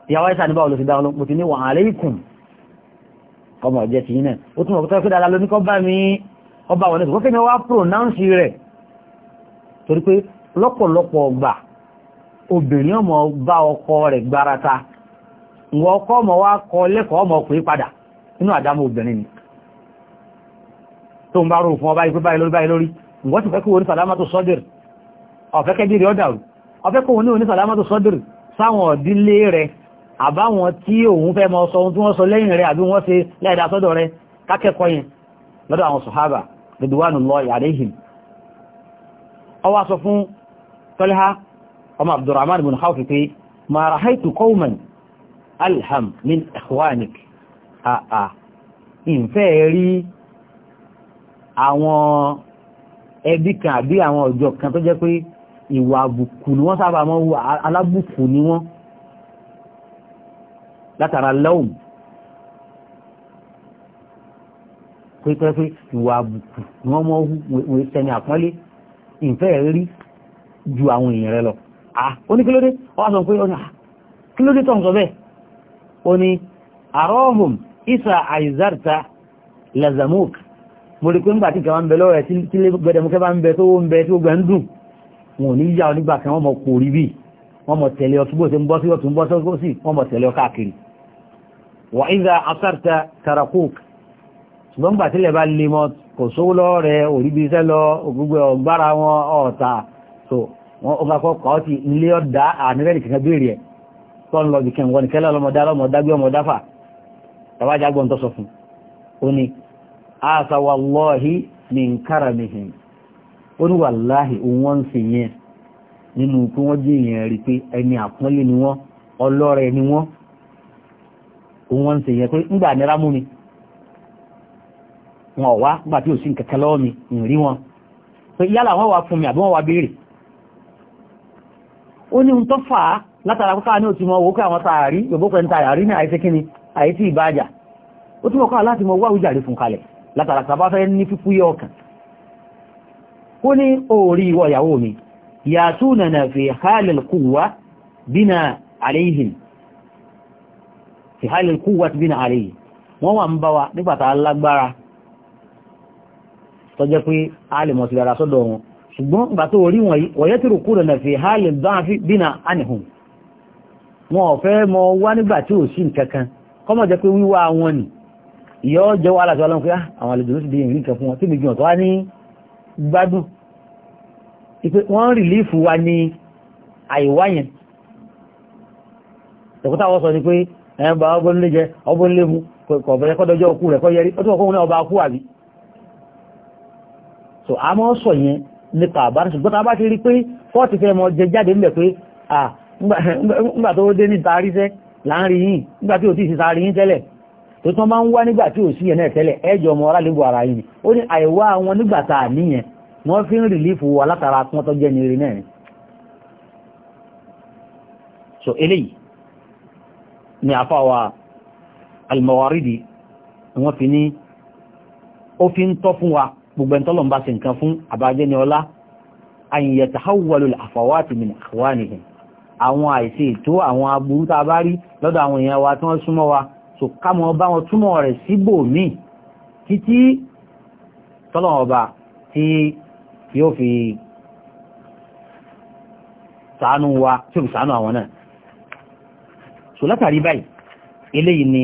ìyàwó ìsàdìbà ò lọ sí dáhùn mo ti ní wàhálà ikùn ọmọ ọ̀jẹ́ ti yín náà ó túnmọ̀ pẹ́tọ́ pé dáadáa lóní kọ́ bá mi ọba wọlé tó kéèyàn wá pronounce rẹ̀ wa kọ lẹ́kọ̀ọ́ ọmọ ọkùnrin padà nínú àdámọ̀ obìnrin ni tó ń bá rò fún ọba yìí pé báyìí lórí báyìí lórí ìwọ sì fẹ́ kí wọ́n ní sàdámà tó sọ́dẹ̀rì ọ̀fẹ́kẹ́ bí rí ọ́dà rú ọ̀fẹ́kọ́ òun ní onísàlámọ́tò sọ́dìrì sáwọn ọ̀dílé rẹ̀ àbáwọn tí òun fẹ́ mọ sọ ohun tí wọ́n sọ lẹ́yìn rẹ̀ àbí wọ́n ṣe láìdá sọ́dọ̀ rẹ̀ kákẹ́kọ̀ọ́ yẹn lọ́dọ̀ àwọn sọ̀hábà ridwanullahi alaihim ó wá sọ fún Talha ọmọ Abdurrahman bin Auf pé ẹbí kan àbí àwọn ọjọ́ kan tó jẹ́ pé ìwà àbùkù ni wọ́n sábà mọ́ alábùkù ni wọ́n látara lẹ́wùn pẹ́pẹ́pẹ́ ìwà àbùkù ni wọ́n mọ́ wọ́n sẹni àpọ́nlé ìfẹ́ rí ju àwọn èèyàn rẹ lọ ah ó ní kílódé wọ́n sọ pé kílódé tó ń sọ bẹ́ẹ̀ ó ní àrọ́hùn isa àìzárta lazamuk mo rí pé ń gbà tí ìjọba ń bẹ lọ́rẹ̀ tí gbẹdẹmukẹ́ bá ń bẹ tó ń bẹ tí ó gbẹ ń dùn wọn ò ní yá onígbà kan wọ́n mọ̀ pò rí bí wọ́n mọ̀ tẹ̀lé ọtún bó ṣe ń bọ́ sí ọtún bọ́ sọ́gbó sí wọ́n mọ̀ tẹ̀lé ọkáàkiri wà ìdá asárta tarakuk ṣùgbọ́n gbà tílẹ̀ bá lè mọ̀ kò sówó lọ rẹ̀ òríbi iṣẹ́ lọ gbogbo ọgbára wọn ọ̀ta so wọn ó kakọ́ kọ́ ti ilé ọ̀dá ànírẹ́lì kankan béèrè ẹ̀ tọ́n lọ bìkan wọn kẹ́lẹ́ ọlọ́mọdá onu ní wàláhì wọ́n ń ṣe yẹn nínú pé wọ́n jí èèyàn rí pé ẹni àpọ́nlé ni wọ́n ni wọ́n wọ́n ń yẹn pé wọn ò wá tí ò sí nǹkan lọ́wọ́ mi ń rí wọn pé yálà wọ́n wá fún mi àbí wọ́n wá béèrè ó ní ohun tó fà á látara pípa ní mọ owó kí àwọn tààrí yòbó ní ó ní orí ìwọ ìyàwó mi yàtúnà na fi halil kúwa bína àríhìn fi halil kúwa bína àríhìn wọ́n wà ń bá wa nígbàtà alágbára tó jẹ́ pé a lè mọ̀ sí dára sọ́dọ̀ wọn ṣùgbọ́n ìgbà orí wọ̀nyí fi halil osi wọn ni ìyọ́ jẹ́ ala tí wọ́n lọ́n àwọn ti di fún wọn tí mi wá ní gbádùn ìpé wọ́n rìlífù wa ní àìwá yẹn ẹ̀kútà wọ́n sọ ni pé ẹ̀yẹn bá ọgbọ́n lé jẹ ọgbọ́n lé mu kọ̀ọ̀bẹ̀rẹ̀ kọ́dọjọ́ òkú rẹ̀ kọ́ yẹrí ó túnmọ̀ kóhun náà ọba kú àbí so a mọ́ sọ yẹn nípa àbára ṣùgbọ́n ta bá ti rí pé fọ́ọ̀tì fẹ́ mọ jẹ jáde ńbẹ̀ pé à ńgbà tó dé ní taari sẹ́ là ń ńgbà tí ò tí ì sí taari yìn tẹ́lẹ̀ tó tán bá ń wá nígbà tí ò sí yẹn náà tẹ́lẹ̀ ẹjọ́ ọmọ ọlá lébò ara yìí ó ní àìwá wọn nígbà níyẹn wọ́n fi ń rìlífù wa látara kí wọ́n tó jẹ́ náà ni so eléyìí ni àfáwà almawaridi wọ́n fi ní ó fi ń tọ́ fún wa gbogbo ẹ̀ntọ́lọ̀ ń bá nǹkan fún àbájẹ́ ni ọlá àyìnyẹ̀tà hàwùwàlò àfàwàtì mi àwọn àìsí ètò àwọn aburú tá a bá rí lọ́dọ̀ àwọn èèyàn wa tí wọ́n súnmọ́ wa so kámọ̀ bá wọn túmọ̀ rẹ̀ síbò míì títí tọ́lọ̀wọ̀n ọba tí yóò fi ṣàánú wa tí ó fi ṣàánú àwọn náà so látàrí báyìí eléyìí ni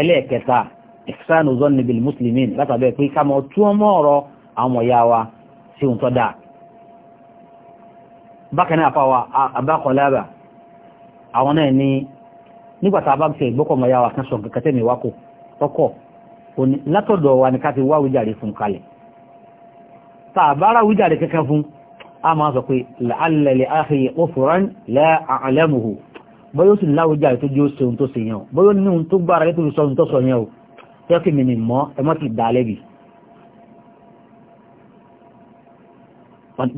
ẹlẹ́ẹ̀kẹta ìfisàánù zọ́nì bil muslimin látàbẹ́ pé kámọ̀ túmọ̀ ọ̀rọ̀ àwọn ọ̀yá wa sí ohun tó dáa bákan náà àpá wa àbákọ̀lábà àwọn náà ní nígbàtà bá fẹ́ ìgbọ́kọ̀mọ̀ ya wa kan sọ kankan wá kò tọ́kọ̀ látọ̀dọ̀ wa ni ká ti wá wíjàre fún kalẹ̀ tá a bára wíjàre kankan fún a máa sọ pé la'alla li akhi ghufran la a'lamuhu bóyá ó sì láwùjáre tó jẹ́ òṣèlú tó ṣe yẹn o bóyá ní ohun tó gbára lé tó sọ ohun tó sọ yẹn o tẹ́kì mi ni mọ́ ẹ mọ́ ti dà á lẹ́bi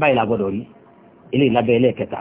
báyìí la rí ilé ìlábẹ́ ẹlẹ́ẹ̀kẹta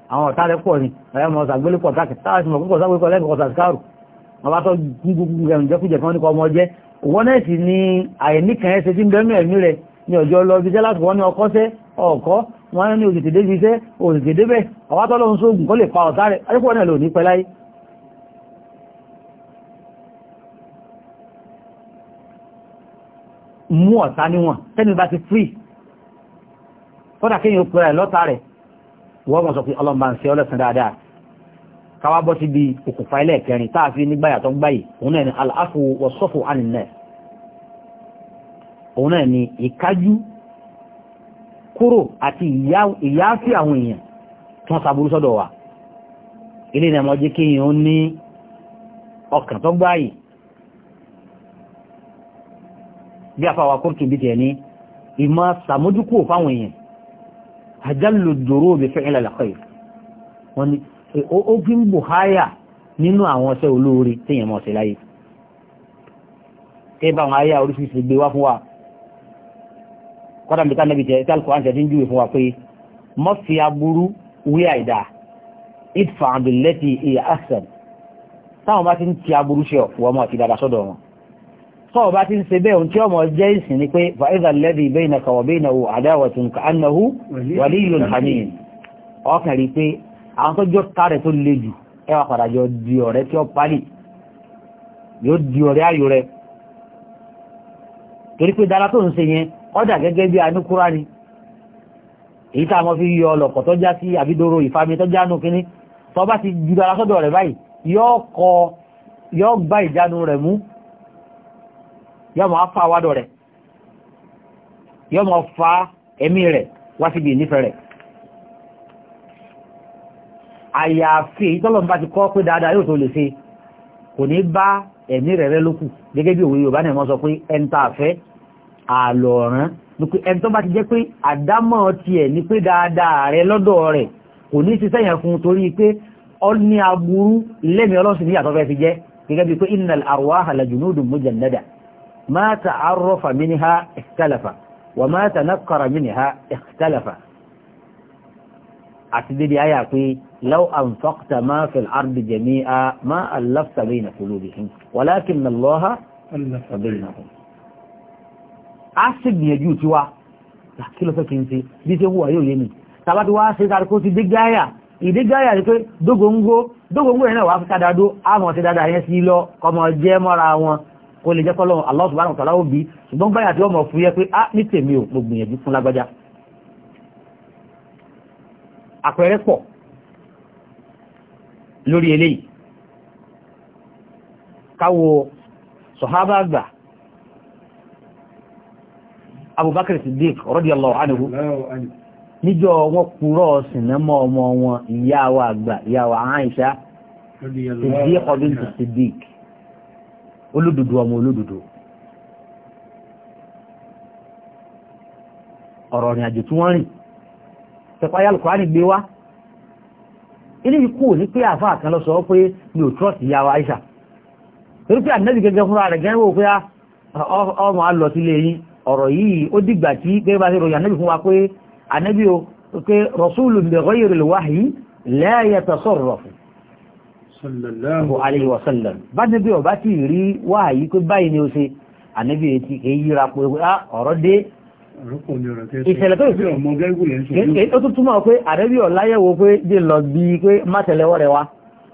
àwọn ọ̀tá rẹ̀ pọ̀ ni ẹ̀yẹ́ mọ̀ ṣàgbélé pọ̀ táàkì táàkì mọ̀ púpọ̀ ṣàgbélé pọ̀ lẹ́nu kọ̀ọ̀tà skáàrù wọn bá tọ́ gbogbo ẹ̀rùn jẹ́kújẹ̀ kan ní kọ́ ọmọ jẹ́ òwọ́n náà sì ni àìní kan ẹsẹ̀ tí ń bẹ́ẹ̀ mẹ́ẹ̀mí mú ọ̀tá níwọ̀n tẹ́ni bá ti free kódà kéèyàn pẹ̀rẹ̀ lọ́ta rẹ̀ wọ́n mọ̀ sọ pé ọlọ́mọ ń ṣe ọlọ́sìn dáadáa káwá bọ́ sí bí òkùnfà ilẹ̀ kẹrin tá a fi ní gbáyà tó ń gbáyì òun náà ni aláfo wọ́sọ́fò ànínẹ́ òun náà ni ìkájú kúrò àti ìyááfì àwọn èèyàn tó ń saburú sọ́dọ̀ wa ilé ìrìn àmọ́ jẹ́ kí ní ọkàn tó gbáyì bí afáwa kúrò kìí bí ní ìmọ̀ sàmójúkúrò fáwọn èèyàn àjálù dòró òbí fẹ́rẹ́ lálàkọ́ yìí wọ́n ní ó fi ń bù háyà nínú àwọn ọṣẹ́ olóore téèyàn mọ̀ ṣe láyé tẹ́ bá àwọn ayé oríṣiríṣi gbé wá fún wa kọ́dà mẹ́ta níbi tẹ́ tálkù àǹtẹ̀ tí ń júwe fún wa pé mọ́ fi aburú wí àìdá ìfàǹdùlẹ́tì ìyá àṣẹ táwọn bá ti ń ti aburú ṣe ọ̀pọ̀ ọmọ àti dàdà sọ́dọ̀ wọn tọ́ ọba ti ń ṣe bẹ́ẹ̀ tí ọmọ jẹ́ ìsìn ni pé fàíza lẹ́bí bẹ́ẹ̀nà kàwàbẹ́ẹ̀nà wò àdáwàtún kàánàwó wàlíyùn hamid ọkàn rí pé àwọn tó jọ tààrẹ tó le jù ẹwà padà jọ di ọ̀rẹ́ tí ó pálì yóò di ọ̀rẹ́ ayò rẹ torí pé dára tó ń ṣe yẹn ọ̀dà gẹ́gẹ́ bí anúkúrá ni èyí tá a mọ̀ fi yọ ọlọ́kọ̀ tó já sí àbídóró ìfami tó já nù kínní tó ìjánu rẹ̀ mú yọ́ mọ̀ fà wádọ̀ rẹ̀ yọ́ mọ̀ fà ẹ̀mí rẹ̀ wá síbi ìnífẹ́ rẹ̀ àyàfi ìtọ́lọ̀n bá ti kọ́ pé dáadáa yóò tó lè ṣe kò ní bá ẹ̀mí rẹ̀ rẹ̀ lókù gẹ́gẹ́ bí òwe Yorùbá náà mọ́ sọ pé ẹn tá àfẹ́ àlọ̀rán nípa ẹn tó bá ní pé lẹ́mìí ọlọ́sìn ní àtọ́fẹ́ fi jẹ́ gẹ́gẹ́ bí pé innal arwaha la junudun mujannada ما تعرف منها اختلف وما تنكر منها اختلف أتدري يا أخي لو أنفقت ما في الأرض جميعا ما ألفت بين قلوبهم ولكن الله ألف بينهم أحسب يجوت وا kí ló fẹ́ kí n ṣe bí ṣe wúwà yóò yé mi tàbá tí wá ṣe sàrìkó ti dé gáyà ìdé gáyà rí pé dógóngó dógóngó yẹn náà wà fi kádàdó àmọ̀ sí dáadáa yẹn sí lọ kọmọ jẹ́ mọ́ra wọn kó lè jẹ́ kọ́lọ́ Allah subhanahu wa ta'ala ó bí ṣùgbọ́n báyà tí wọ́n mọ̀ fún yẹ pé á ah, ní tèmi ò mo gbìyànjú fún lágbájá àpẹẹrẹ pọ̀ lórí eléyìí káwo sọ̀hábà àgbà Abubakar Siddiq radiyallahu anhu níjọ́ wọn kúrọ̀ sinimọ́ ọmọ wọn ìyá wa àgbà ìyá wa Aisha Siddiq ọdún Siddiq olódodo ọmọ olódodo ọ̀rọ̀ ìrìn àjò tí wọ́n rìn tẹ̀páyà alùkùránì gbé wá ilé ikú ní pé àfáà kan lọ sọ pé mi ò trọ́ọ̀tì ìyá wa Aisha torí pé ànẹ́bì gẹ́gẹ́ fúnra rẹ̀ gẹ́rẹ́ wò pé ọmọ ah, alọ sílé yìí ọ̀rọ̀ yìí ó dìgbà tí gẹ́gẹ́ bá ṣe ròyìn ànẹ́bì fún wa pé ànẹ́bì o pé rasulun bi ghayri al-wahyi la yatasarrafu sallallahu alayhi wa sallam bá ti bí ọba tí rí wáyé pé báyìí ni ó ṣe ànábì ah, etí kì í yíra pé ọ̀rọ̀ dé ìṣẹ̀lẹ̀ tó ìṣẹ̀lẹ̀ tó túnmọ̀ pé ànábì ọ̀láyẹ̀wò pé jẹ́ lọ bí pé má tẹ̀lẹ́wọ́ rẹ̀ wá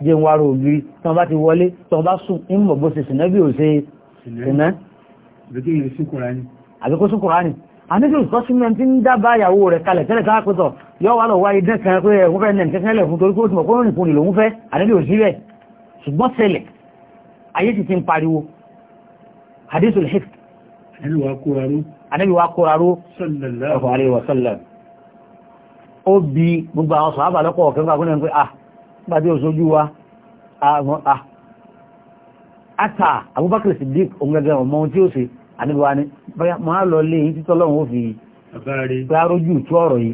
jẹ́ ń wárò ògiri tán bá ti wọlé tán bá sùn ń mọ̀ bó ṣe sìnẹ́bí ò ṣe sìnẹ́ àbíkó sún kùránì àníṣù sọ́símẹ́ tí ń dábàá ìyàwó rẹ̀ kalẹ̀ tẹ́lẹ̀ ká pẹ́tọ̀ yọ́ wà lọ wá idẹ́ kan pé ẹ̀wọ́n fẹ́ nẹ̀ǹkẹ́ kẹ́lẹ̀ fún torí kó tìmọ̀ kó rìn kùnrin lòún fẹ́ àníṣù ò síbẹ̀ ṣùgbọ́n ṣẹlẹ̀ ayé sì ti ń pariwo hadithu al-hifd àníbi wa kóra ró sallallahu alaihi wa sallam ó bi gbogbo àwọn sọ àbà lọ́pọ̀ ọ̀kẹ́ fún ẹni pé ah nígbà tí ó sojú wa ah, ah. ata Abubakar Siddiq òun gẹ́gẹ́ ọmọ ohun tí ó ṣe àdíwá ní máa lọ lé yìí títọ́ lọ́wọ́ fi gbárójú tú ọ̀rọ̀ yìí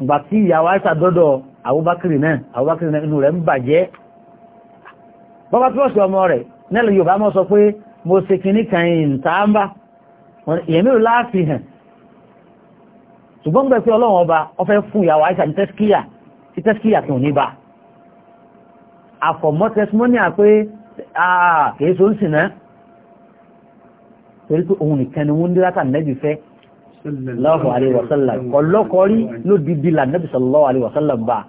ìgbà tí ìyàwó àìsà dọ́dọ̀ àwúbákìrì náà àwúbákìrì náà inú rẹ̀ ń bàjẹ́ bọ́bá tí wọ́n ṣe ọmọ rẹ̀ nílẹ̀ yorùbá mọ́ sọ pé mo ṣe kìíní kan ìntàmbá ìyẹn mélòó láti hàn ṣùgbọ́n gbẹ̀ pé ọlọ́run torí pé òun nìkan ni wọ́n dé látà nẹ́bì fẹ́ sallallahu alaihi wasallam ọlọ́kọ̀ọ́rí ló dìdí là nẹ́bì sallallahu alaihi wasallam bá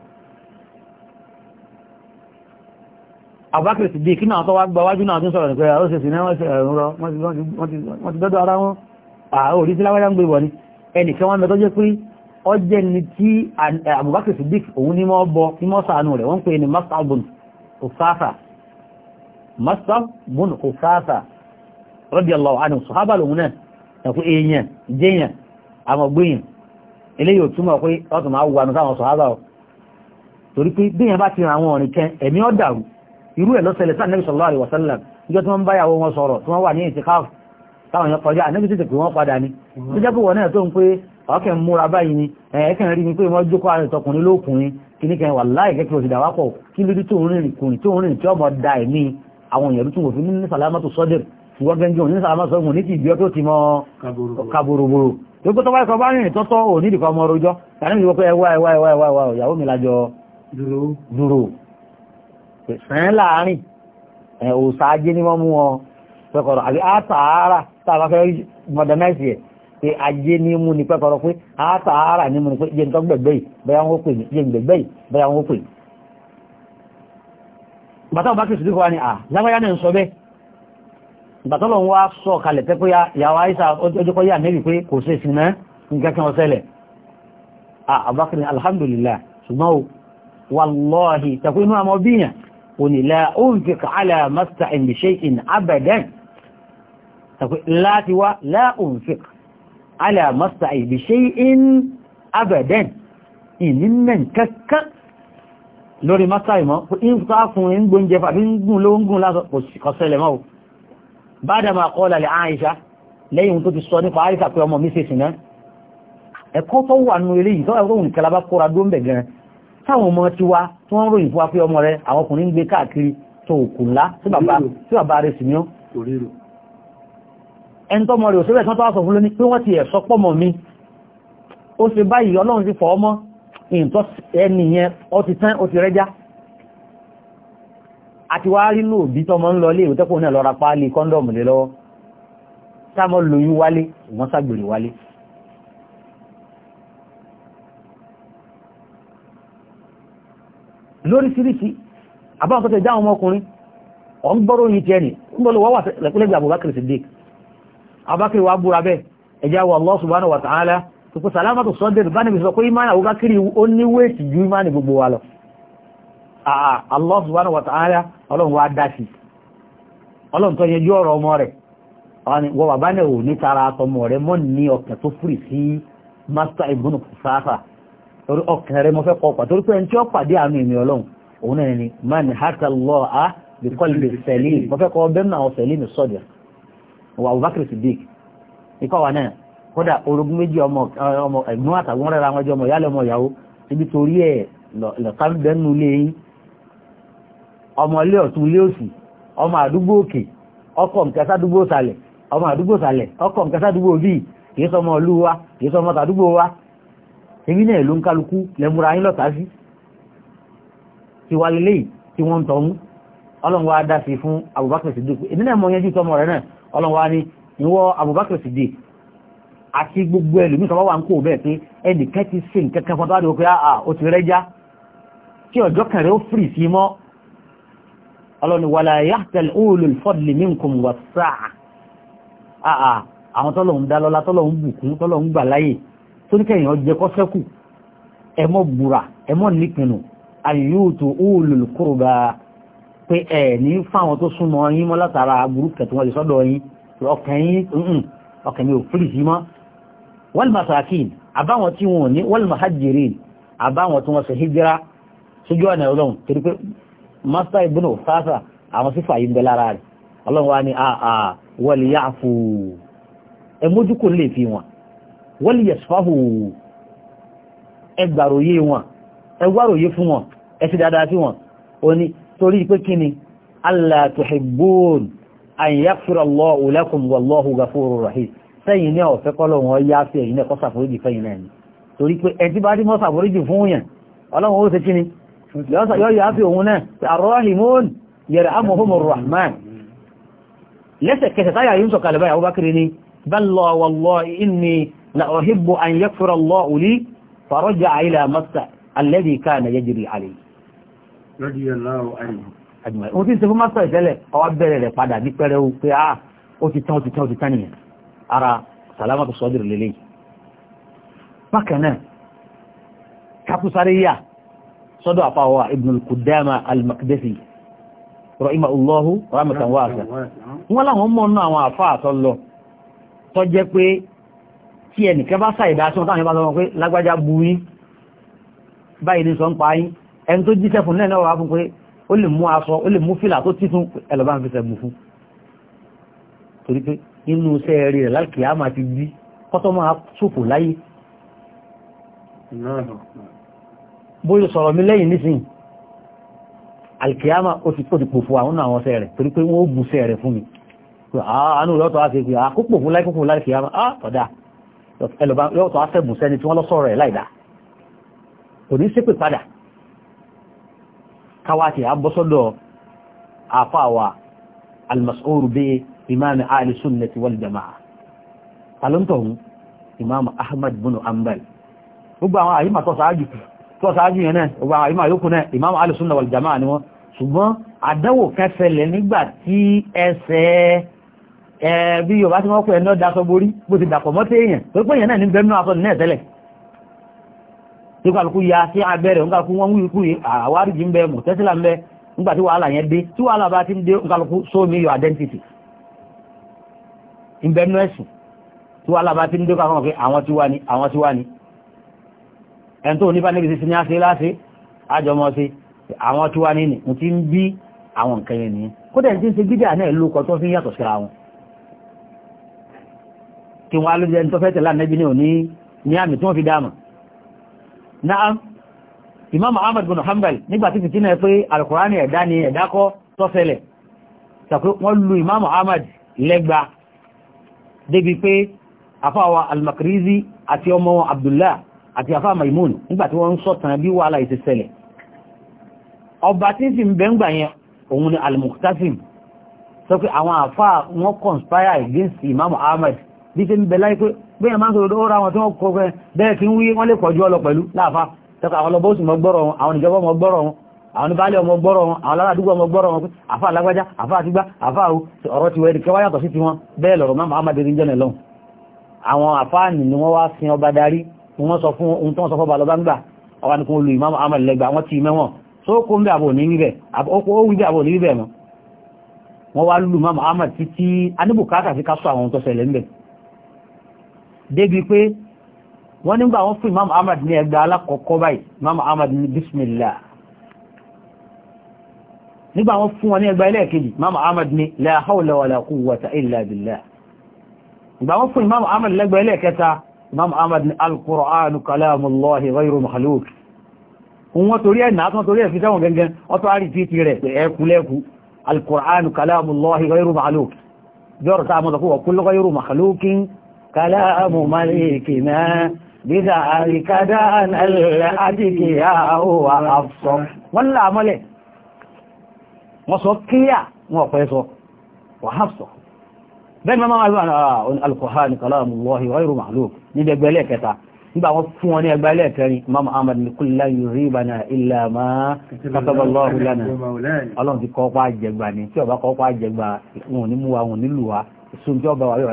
àbákẹ́ ti dé kí náà tọ́wọ́ gba wájú náà tún sọ̀rọ̀ nípa ẹ̀rọ ṣe sì náà wọ́n ti ọjẹ́ ni tí àbúbákẹ́ ti òun ní mọ́ bọ ní mọ́ sàánú rẹ̀ wọ́n pè ní masabun òsáfà radiyallahu anhu sọ̀hábà lòun náà ẹ̀kú èèyàn jẹ́yàn àmọ̀gbéyàn eléyìí ò túmọ̀ pé ọ̀tún máa wù ànúsà àwọn sọ̀hábà ọ̀ torí pé bíyàn bá ti ra àwọn ọ̀rìn kẹ ẹ̀mí ọ̀ dàrú irú ẹ̀ lọ́sẹ̀lẹ̀ sáà nẹ́bí sallallahu alaihi wasallam níjọ́ tí wọ́n ń báyàwó wọn sọ̀rọ̀ tí wọ́n wà ní ìtìkáàfù táwọn èèyàn kọjá ànẹ́bí tètè pé wọ́n padà ni tó jẹ́ pé wọ́n náà tó ń pé ọkẹ̀ ń múra báyìí ni ẹ̀ẹ́kẹ̀ rí ni pé wọ́n jókòó àrẹ tọkùnrin lókùnrin ìwọ́n gẹ́gẹ́ òní sàmọ́ sọ òun ní ti ìgbìyọ́ tó ti mọ́ kaboroboro tó gbé tọ́wọ́ ẹ̀kọ́ bá rìn tọ́tọ́ òní ìdìkọ́ ọmọ rojọ́ tàbí ìwọ́n pé ẹwà ẹwà ẹwà ẹwà ẹwà ìyàwó mi lájọ dúró sẹ́yìn láàárín òsàájé ní wọ́n mú wọn pẹ́kọ̀rọ̀ àbí àtàárà tàbá fẹ́ modernize ẹ̀ pé ajé ní mú ní pẹ́kọ̀rọ̀ pé àtàárà ní mú ní pé jẹ́ nǹkan gbẹ̀gbẹ̀ yìí bẹ́yà wọ́n pè ní jẹ́ gbẹ̀gbẹ̀ yìí bẹ́yà wọ́n pè ní ìgbàtọ́lọ̀ wá sọ kalẹ̀ pé pé yàwó àìsà ọjọ́kọ́ yà nẹ́bì pé kò sí ìsinmẹ́ nǹkan ọ̀sẹ̀lẹ̀ àbákìrin alhamdulillah ṣùgbọ́n wàlọ́hì tàkù inú àmọ́ bíyàn onílẹ̀ oúnjẹ kààlà masta ìbìṣẹ́ in abadan tàkù láti wá láàúnfẹ́ kààlà masta ìbìṣẹ́ in abadan ìnímẹ̀ kankan lórí masta ìmọ́ bádàmà kọ́lá lè àìṣà lẹ́yìn tó ti sọ nípa àìṣà pé ọmọ mi ṣe sìnà ẹ̀kọ́ tó wà nínú ilé yìí tó ẹ̀kọ́ òǹkẹ́lá bá kóra dó ń bẹ̀ gan táwọn ọmọ ti wá tí wọ́n ròyìn fún wa pé ọmọ rẹ àwọn ọkùnrin ń gbé káàkiri tó òkú ńlá sí bàbá rẹ̀ sì ní ó ẹni tọ́mọ rẹ̀ àti wá rí lò bí tọmọ ń lọ lé ìwé tẹ́kùn náà lọ́ra páálí kọ́ndọ̀mù lé lọ́wọ́ sáàmọ́ lóyún wálé ìwọ́n ságbèrè wálé lóríṣiríṣi àbáwọn tó tẹ jáwọn ọmọkùnrin ọ̀n gbọ́rọ̀ yìí tẹ́ni gbọ́lọ̀ wọ́wà lẹ́gbẹ̀lẹ́gbẹ̀ Abubakar Siddiq Abubakar wa búra bẹ́ ẹjá wa Allah subhanahu wa ta'ala tó kó sàlámà tó sọ́dẹ̀ bá àà ah, Allah subhanahu wa ta'ala ọlọ́run wá dá sí ọlọ́run tó yẹjú ọ̀rọ̀ ọmọ rẹ̀ wọ bàbá náà ò ní tara ọmọ rẹ̀ mọ́ ní ọkàn tó fúrì sí master ibùnú sáfà torí ọkàn rẹ̀ mọ́ fẹ́ kọ́ ọ̀pá torí pé ẹni tí ó pàdé àánú ìmì ọlọ́run òun náà ni man hata Allah a bí kọ́lì sẹ̀lì mọ́ fẹ́ kọ́ ọbẹ̀ náà sẹ̀lì ní sọ́dẹ̀ ibi torí ẹ̀ lọ́kàn bẹ́ẹ̀ ọmọ ilé ọ̀tún ilé òsì ọmọ àdúgbò òkè ọkọ̀ nkẹsàdúgbò sàlẹ̀ ọmọ àdúgbò sàlẹ̀ ọkọ̀ nkẹsàdúgbò bíi kìí sọmọ ìlú wa kìí sọmọ tàdúgbò wa èmi náà ló ń kálukú lẹ́múra yín lọ́ta sí ti wà lélẹ́yìí tí wọ́n ń tọ́mú ọlọ́run wa dá sí fún Abubakar Siddiq èmi náà mọ yẹn jù tọmọ rẹ náà ọlọ́run wa ní ìwọ Abubakar Siddiq àti gbogbo ẹlòmíì tọ́wọ́ wà ń kó bẹ́ẹ̀ pé ẹnì kẹ́tì sí nǹkan kan fọ́tọ́ àdìwọ́ pé ó ti rẹ́já kí ọjọ́ kan ó fìrì sí mọ́ ọlọ́ni wàlá yàtẹ̀l ulul fadli minkum wàsáà àà ah, ah, àwọn tọ́lọ̀ ń dálọ́lá tọ́lọ̀ ń bùkún tọ́lọ̀ ń gbà láyè tó ní kẹyìn ọjẹ́ kọ́ sẹ́kù ẹmọ́ bùrà ẹmọ́ nípinnu àyùtù ulul qurba pé ẹ̀ ní fáwọn tó súnmọ́ yín mọ́ látara burúkú tí wọ́n lè sọ́dọ̀ yín ọkàn yín ọkàn yín ò fìrì wal masakin àbáwọn tí wọn wal muhajirin àbáwọn tí wọ́n ṣe hijira sójú ọ̀nà ọlọ́run torí masa ibùnú sáàsà àwọn sífà yìí ń bẹ lára rẹ̀ ọlọ́run wa ni àà wọ́lì yá fò ẹ mójú kò lè fi wọn wọ́lì yẹ̀ sọ́fàhù ẹ gbàròyé wọn ẹ wáròyé fún wọn ẹ sì dáadáa sí wọn ó ní torí pé kí ni allah tuhibbun an yaghfira Allahu lakum wallahu rahim sẹ́yìn ní ọ̀fẹ́ kọ́lọ̀ wọn yá sí ẹ̀yìn náà kọ́sàforíjì fẹ́yìn náà ni torí pé ẹ ti bá rí mọ́sàforíjì fún yẹn ọlọ́run ó ṣe kí ni yọ́ yà fi òun náà arọ́hìmún yẹ̀rẹ̀ amọ̀húnmọ̀ rahman lẹ́sẹ̀kẹsẹ̀ táyà yìí ń sọ̀kalẹ̀ báyà abúbákiri ni balla wallahi inni la uhibbu an yaghfira Allahu li faraja ila masa alladhi kana yajri alayhi mo ti ń ṣe fún masa ìtẹ́lẹ̀ ọwá bẹ̀rẹ̀ rẹ̀ padà ní pẹ́rẹ́ o pé ah ó sọ́dọ̀ àfáwà ibn kudama al-makdisi rọ̀ímà ulọ́hu ramatan wáṣà wọ́n láwọn mọ́ náà àwọn àfáà tọ́ lọ tọ́ jẹ́ pé tí ẹnìkan bá sàìdá tí wọ́n táwọn ìbá sọ pé lágbájá burí báyìí ní sọ ń pa yín ẹni tó jíṣẹ́ fún náà náà fún pé ó lè mú aṣọ ó lè mú fìlà tó títún ẹlọ́bá fi sẹ̀mù fún torí pé inú iṣẹ́ rẹ̀ lálùkìyà máa ti bí kọ́tọ́ máa ṣòfò láyé bóyí sọ̀rọ̀ mi lẹ́yìn nísìn alkiyama ó ti pòtò fún àwọn àwọn ọ̀sẹ̀ rẹ̀ torí pé wọ́n ó bùsẹ̀ rẹ̀ fún mi ah, àánú lọ́tọ̀ á fi pé àkópò ah, fún láìkópò láìkiyama á ah, tọ̀dá ẹlọ́bá lọ́tọ̀ á fẹ́ bùsẹ́ ni tí wọ́n lọ sọ̀rọ̀ ẹ̀ láìdá kò ní ṣépè padà káwá ti à ń bọ́ sọ́dọ̀ àfáwà almas'uru bí imam ali sunnati wal jama'a talontohun imam ahmad bin ambal gbogbo àwọn àyíkà tó sáájú kù tó sáájú yẹn náà ọgbà ìmọ̀ àyókù náà ìmáàmù alùsùnà wal jàmáà ni wọ́n ṣùgbọ́n àdánwò kan ṣẹlẹ̀ nígbà tí ẹsẹ̀ ẹ bí yorùbá tí wọ́n pẹ̀ ẹ̀nà daṣọ borí bó ti dàpọ̀ mọ́tẹ́ èèyàn tó pé èèyàn náà ní bẹ́ẹ̀ náà sọ nínú ẹ̀tẹ́lẹ̀ tí kálukú ya sí abẹ́rẹ́ nǹkan wọn wí kú àwárìjì ń bẹ mọ̀tẹ́sílà ń bẹ nígbà tí wàhálà yẹn dé tí ń dé kálukú show me tí wàhálà bá àwọn tiwa ni àwọn ẹn tó nípa níbi sísí ní àṣẹ láṣẹ àjọmọ́ sí àwọn tí wá nínú n ti ń bí àwọn nǹkan yẹn nìyẹn kódà ní ti ń ṣe bídíà náà ló kọ tó fi yàtọ̀ síra wọn kí wọ́n alójẹ ní tó fẹ́ tẹ̀lá nẹ́bí ní òní ní àmì tí wọ́n fi dáàmà imam ahmad bin hanbal nígbà tí fìtínà ẹ pé alukurani ẹ̀dá àti ọmọ abdullah àti àfá Maimun nígbà tí wọ́n ń sọ̀tàn bí wàhálà ìṣe ṣẹlẹ̀ ọba tí ń bẹ́ ń yẹn òun ni al-Muqtasim sọ pé àwọn àfá wọn conspire against Imam Ahmed. bí ṣe ń bẹ láyé pé bẹ́ẹ̀ máa ń sọ̀rọ̀ ó ra wọn tí wọ́n kọ fẹ́ bẹ́ẹ̀ kí ń wí wọ́n lè pọ̀jú ọlọ pẹ̀lú láàfá sọ́kọ̀ àwọn ọlọ́bọ̀ òsì mọ gbọ́rọ̀ wọn àwọn ìjọba mọ gbọ́rọ̀ wọn àwọn oníbàálẹ̀ ọmọ gbọ́rọ̀ wọn àwọn aládùúgbò ni wọ́n wá sin ọba darí wọ́n sọ fún ohun tó wọ́n sọ fún balọ̀ gbangba àwọn nìkan olù ìmáàmù Ahmad lẹ́gbà wọ́n ti mẹ́wọ̀n tó kó ń bẹ àbò ní níbẹ̀ ó wí bẹ àbò ní níbẹ̀ mọ́ wọ́n wá lù ìmáàmù Ahmad títí aníbùkátà fi ká sọ àwọn tó ṣẹlẹ̀ ńbẹ̀ débi pé wọ́n nígbà wọ́n fún ìmáàmù Ahmad ní ẹgbẹ́ alákọ̀ọ́kọ́ báyìí ìmáàmù Ahmad ní bismillah nígbà ìgbà wọ́n fún ìmáàmù Ahmad ẹlẹ́ẹ̀kẹta imam ahmad ní al-qur'an kalamullahi ghayru makhluq wọ́n torí ẹ̀ náà tán torí ẹ̀ fi sẹ́wọ̀n gẹ́gẹ́ ọtọ́ àrí tí ti rẹ̀ ẹkùlẹ́kù al-qur'an kalamullahi ghayru makhluq jọ́rọ̀ sáà mọ́ta kúwọ̀ kullu ghayru makhluqin kalamu malikina bíza àríkádá àdìkìyà òwà àfọ́ wọ́n láàmọ́lẹ̀ wọ́n sọ kíyà wọ́n ọ̀pẹ́ sọ wọ́n hafsọ̀ bẹ́ẹ̀ ni máa wà ah, ní alkùnrin kalamullahi wa ghayru ma'lum níbi ẹgbẹ́ ẹlẹ́ẹ̀kẹta nígbà wọn fún wọn ní ẹgbẹ́ ẹlẹ́ẹ̀kẹrin imam ahmad ní kullu lan yuribana illa ma kataballahu lana ọlọ́run ti kọ́ pa jẹgba ni tí ọba kọ́ pa jẹgba wọn ní múwa wọn nílùú wa sun tí ọba wà yóò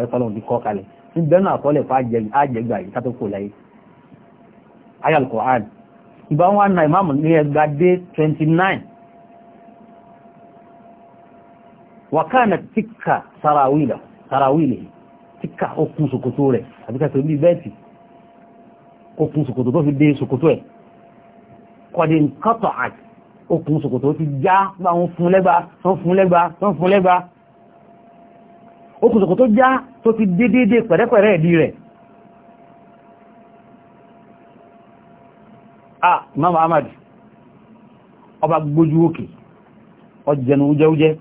wáyé 29 wakana tikka sarawila tarawí ni tíkà okùn ṣòkòtò rẹ̀ àbí ká pè bí bẹ́ẹ̀tì okùn ṣòkòtò tó fi dé ṣòkòtò ẹ̀ kọ̀dé nkọ́tọ̀ àt okùn ṣòkòtò ti já bá wọn fún lẹ́gba wọn fún lẹ́gba wọn fún lẹ́gba okùn ṣòkòtò já tó ti dé dédé pẹ̀rẹ́pẹ̀rẹ́ ìdí rẹ̀ ah mama amadi, ọba gbójú òkè ọjẹnu jẹ́ujẹ́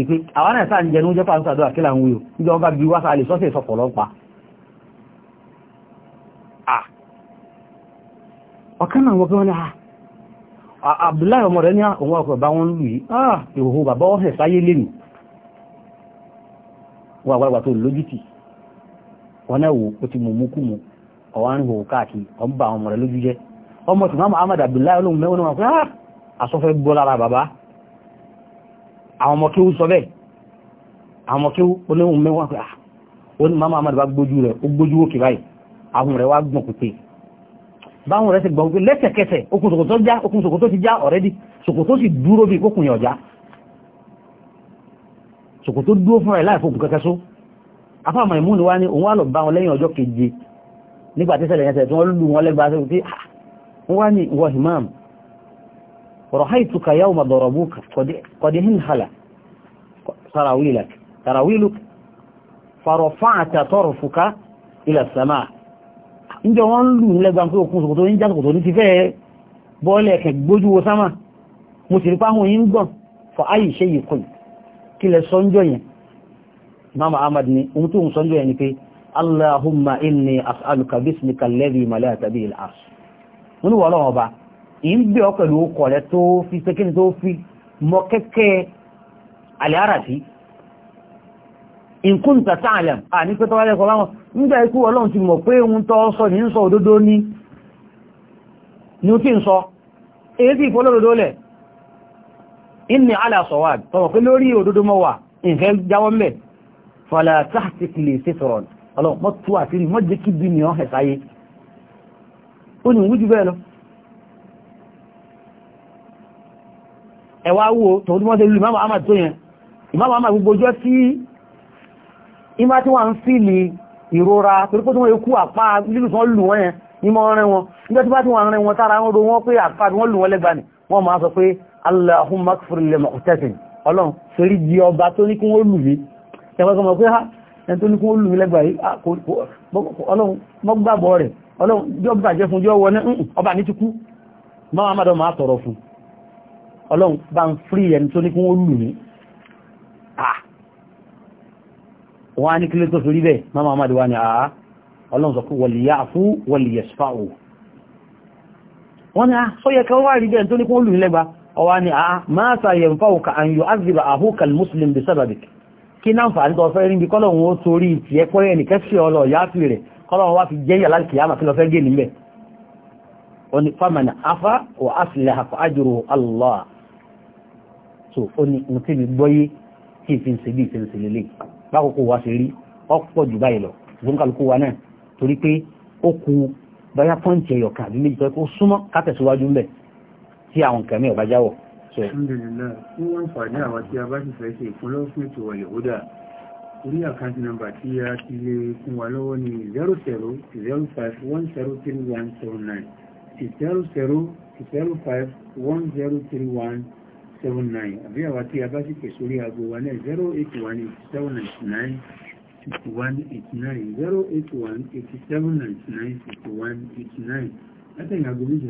ìpé àwọn náà sáà ń jẹnu jẹ́ pàtàkì àdúrà kí láwọn wíò níjọ ọba bí wáṣà lè sọ́sẹ̀ ìsọpọ̀ lọ́pa ọ̀kan náà wọ́pẹ́ wọ́n ní Abdullahi ọmọ rẹ̀ ní òun ọkọ̀ bá wọn lù yìí ìhòhò bàbá ọ̀hẹ̀ sáyé lẹ́nu wà wà tó lójútì wọn náà wò ó àwọn ọmọ kéwú sọ bẹ́ẹ̀ àwọn ọmọ kéwú oníhùn mẹ́wàá pé ah ó ní mama amadu bá gbójú rẹ̀ ó gbójú òkè báyìí àwọn rẹ̀ wá gbọ̀n kùtè báwọn rẹ̀ sì gbọ̀n kùtè lẹ́sẹ̀kẹsẹ̀ okùn ṣòkòtò já okùn ṣòkòtò ti já ọ̀rẹ́dì ṣòkòtò sì dúró bí kókùn yàn já ṣòkòtò dúró fún ẹ̀ láì fòkùn só afá àmọ́ ìmúni wá ní òun wá lọ bá wọn lẹ́yìn ọjọ́ keje nígbà tí ṣẹlẹ̀ yẹn tẹ̀ tí wọ́n lù wọn lẹ́gbàá sí ah. wọn wá ní ìwọ imam رأيتك يوم ضربوك قد انهل سراويلك سراويلك فرفعت طرفك إلى السماء níjọ wọ́n lù nílẹ̀ gbáǹkó òkun ṣòkòtò ní jásòkòtò ní ti fẹ́ bọ́ọ̀lẹ̀ ẹ̀kẹ̀ gbójú wo sámà mo sì rí páhùn yí ń gbọ̀n fọ ayì ṣe yìí kò kí lẹ sọ́njọ́ yẹn mama ahmad ni ohun tó ń sọ́njọ́ yẹn allahumma inni as'aluka bismika alladhi mala'ata bihi al-arsh ìgbé ọ pẹ̀lú ọkọ̀ rẹ tó fi sẹ́kẹ́ni tó fi mọ kẹ́kẹ́ àlẹ́àràfí ìkún tàtà àlẹ́m à ní pẹ́tọ́ wálẹ́ kọ́ láwọn nígbà ikú ọlọ́run ti mọ̀ pé ohun tó sọ ní ń sọ òdodo ní ní tí ń sọ èyí sì ìfọ́lódodo lẹ̀ inni ala sawab pé lórí òdodo mọ́ wà ìfẹ́ jáwọ́ mẹ́ fọlá ẹwà wo tòun tí wọ́n ṣe lú ìmáàmù Ahmad tó yẹn ìmáàmù Ahmad gbogbo ọjọ́ tí ìmá tí wọ́n ń fìlì ìrora torípó tí wọ́n ikú àpá lílù tán lù wọ́n yẹn ní mọ́ rẹ̀ wọn nígbà tí bá ni wọ́n máa sọ pé Allahumma ighfir lil muqtasim ọlọ́run torí di ọba tó ní kí wọ́n lù mí ẹgbẹ́gbẹ́ mọ̀ pé jọ́ ah, bàjẹ́ fún jọ́ wọ́n ní ọba ní ti kú máa má dọ́ máa tọ̀rọ̀ fún ọlọ́run bá ń frí ẹni tó ní kí wọ́n lù mí wọ́n á ní kílé tó fi rí bẹ́ẹ̀ máma amadu wa ni àá ọlọ́run sọ pé wọ̀lìyà fún wọ̀lìyà ṣfáò wọ́n ni a sọ́yẹ kí wọ́n wá rí bẹ́ẹ̀ tó ní kí wọ́n lù mí lẹ́gba ọwá ni àá máa sàyẹ̀ ń fáwọ̀ ka àyò azìbà àhókàl muslim afá wà á sì lè hàfà allah so ó ní mo tẹ́bi gbọ́yé tí ìfi ń ṣe bí ìṣẹ̀lẹ̀ ṣẹlẹ̀ lè bákòókò wa ṣe rí ọ̀pọ̀ jù báyìí lọ gbọ́nkálukú wa náà torí pé ó ku báyà pọ́ǹtì ẹ̀yọ̀ kan àbí méjì tó kó súnmọ́ kátẹ̀síwájú ńbẹ̀ tí àwọn nǹkan mìíràn bá jáwọ̀. orí àkáǹtì nọ́mbà tí a ti lè fún wa lọ́wọ́ ní zero zero zero five one zero three one seven nine zero zero zero five one zero three one seven nine àbí àwa tí a bá sì pè sórí aago wa náà zero eight one eighty seven ninety nine sixty one eighty nine zero eight one eighty seven ninety méjìlá.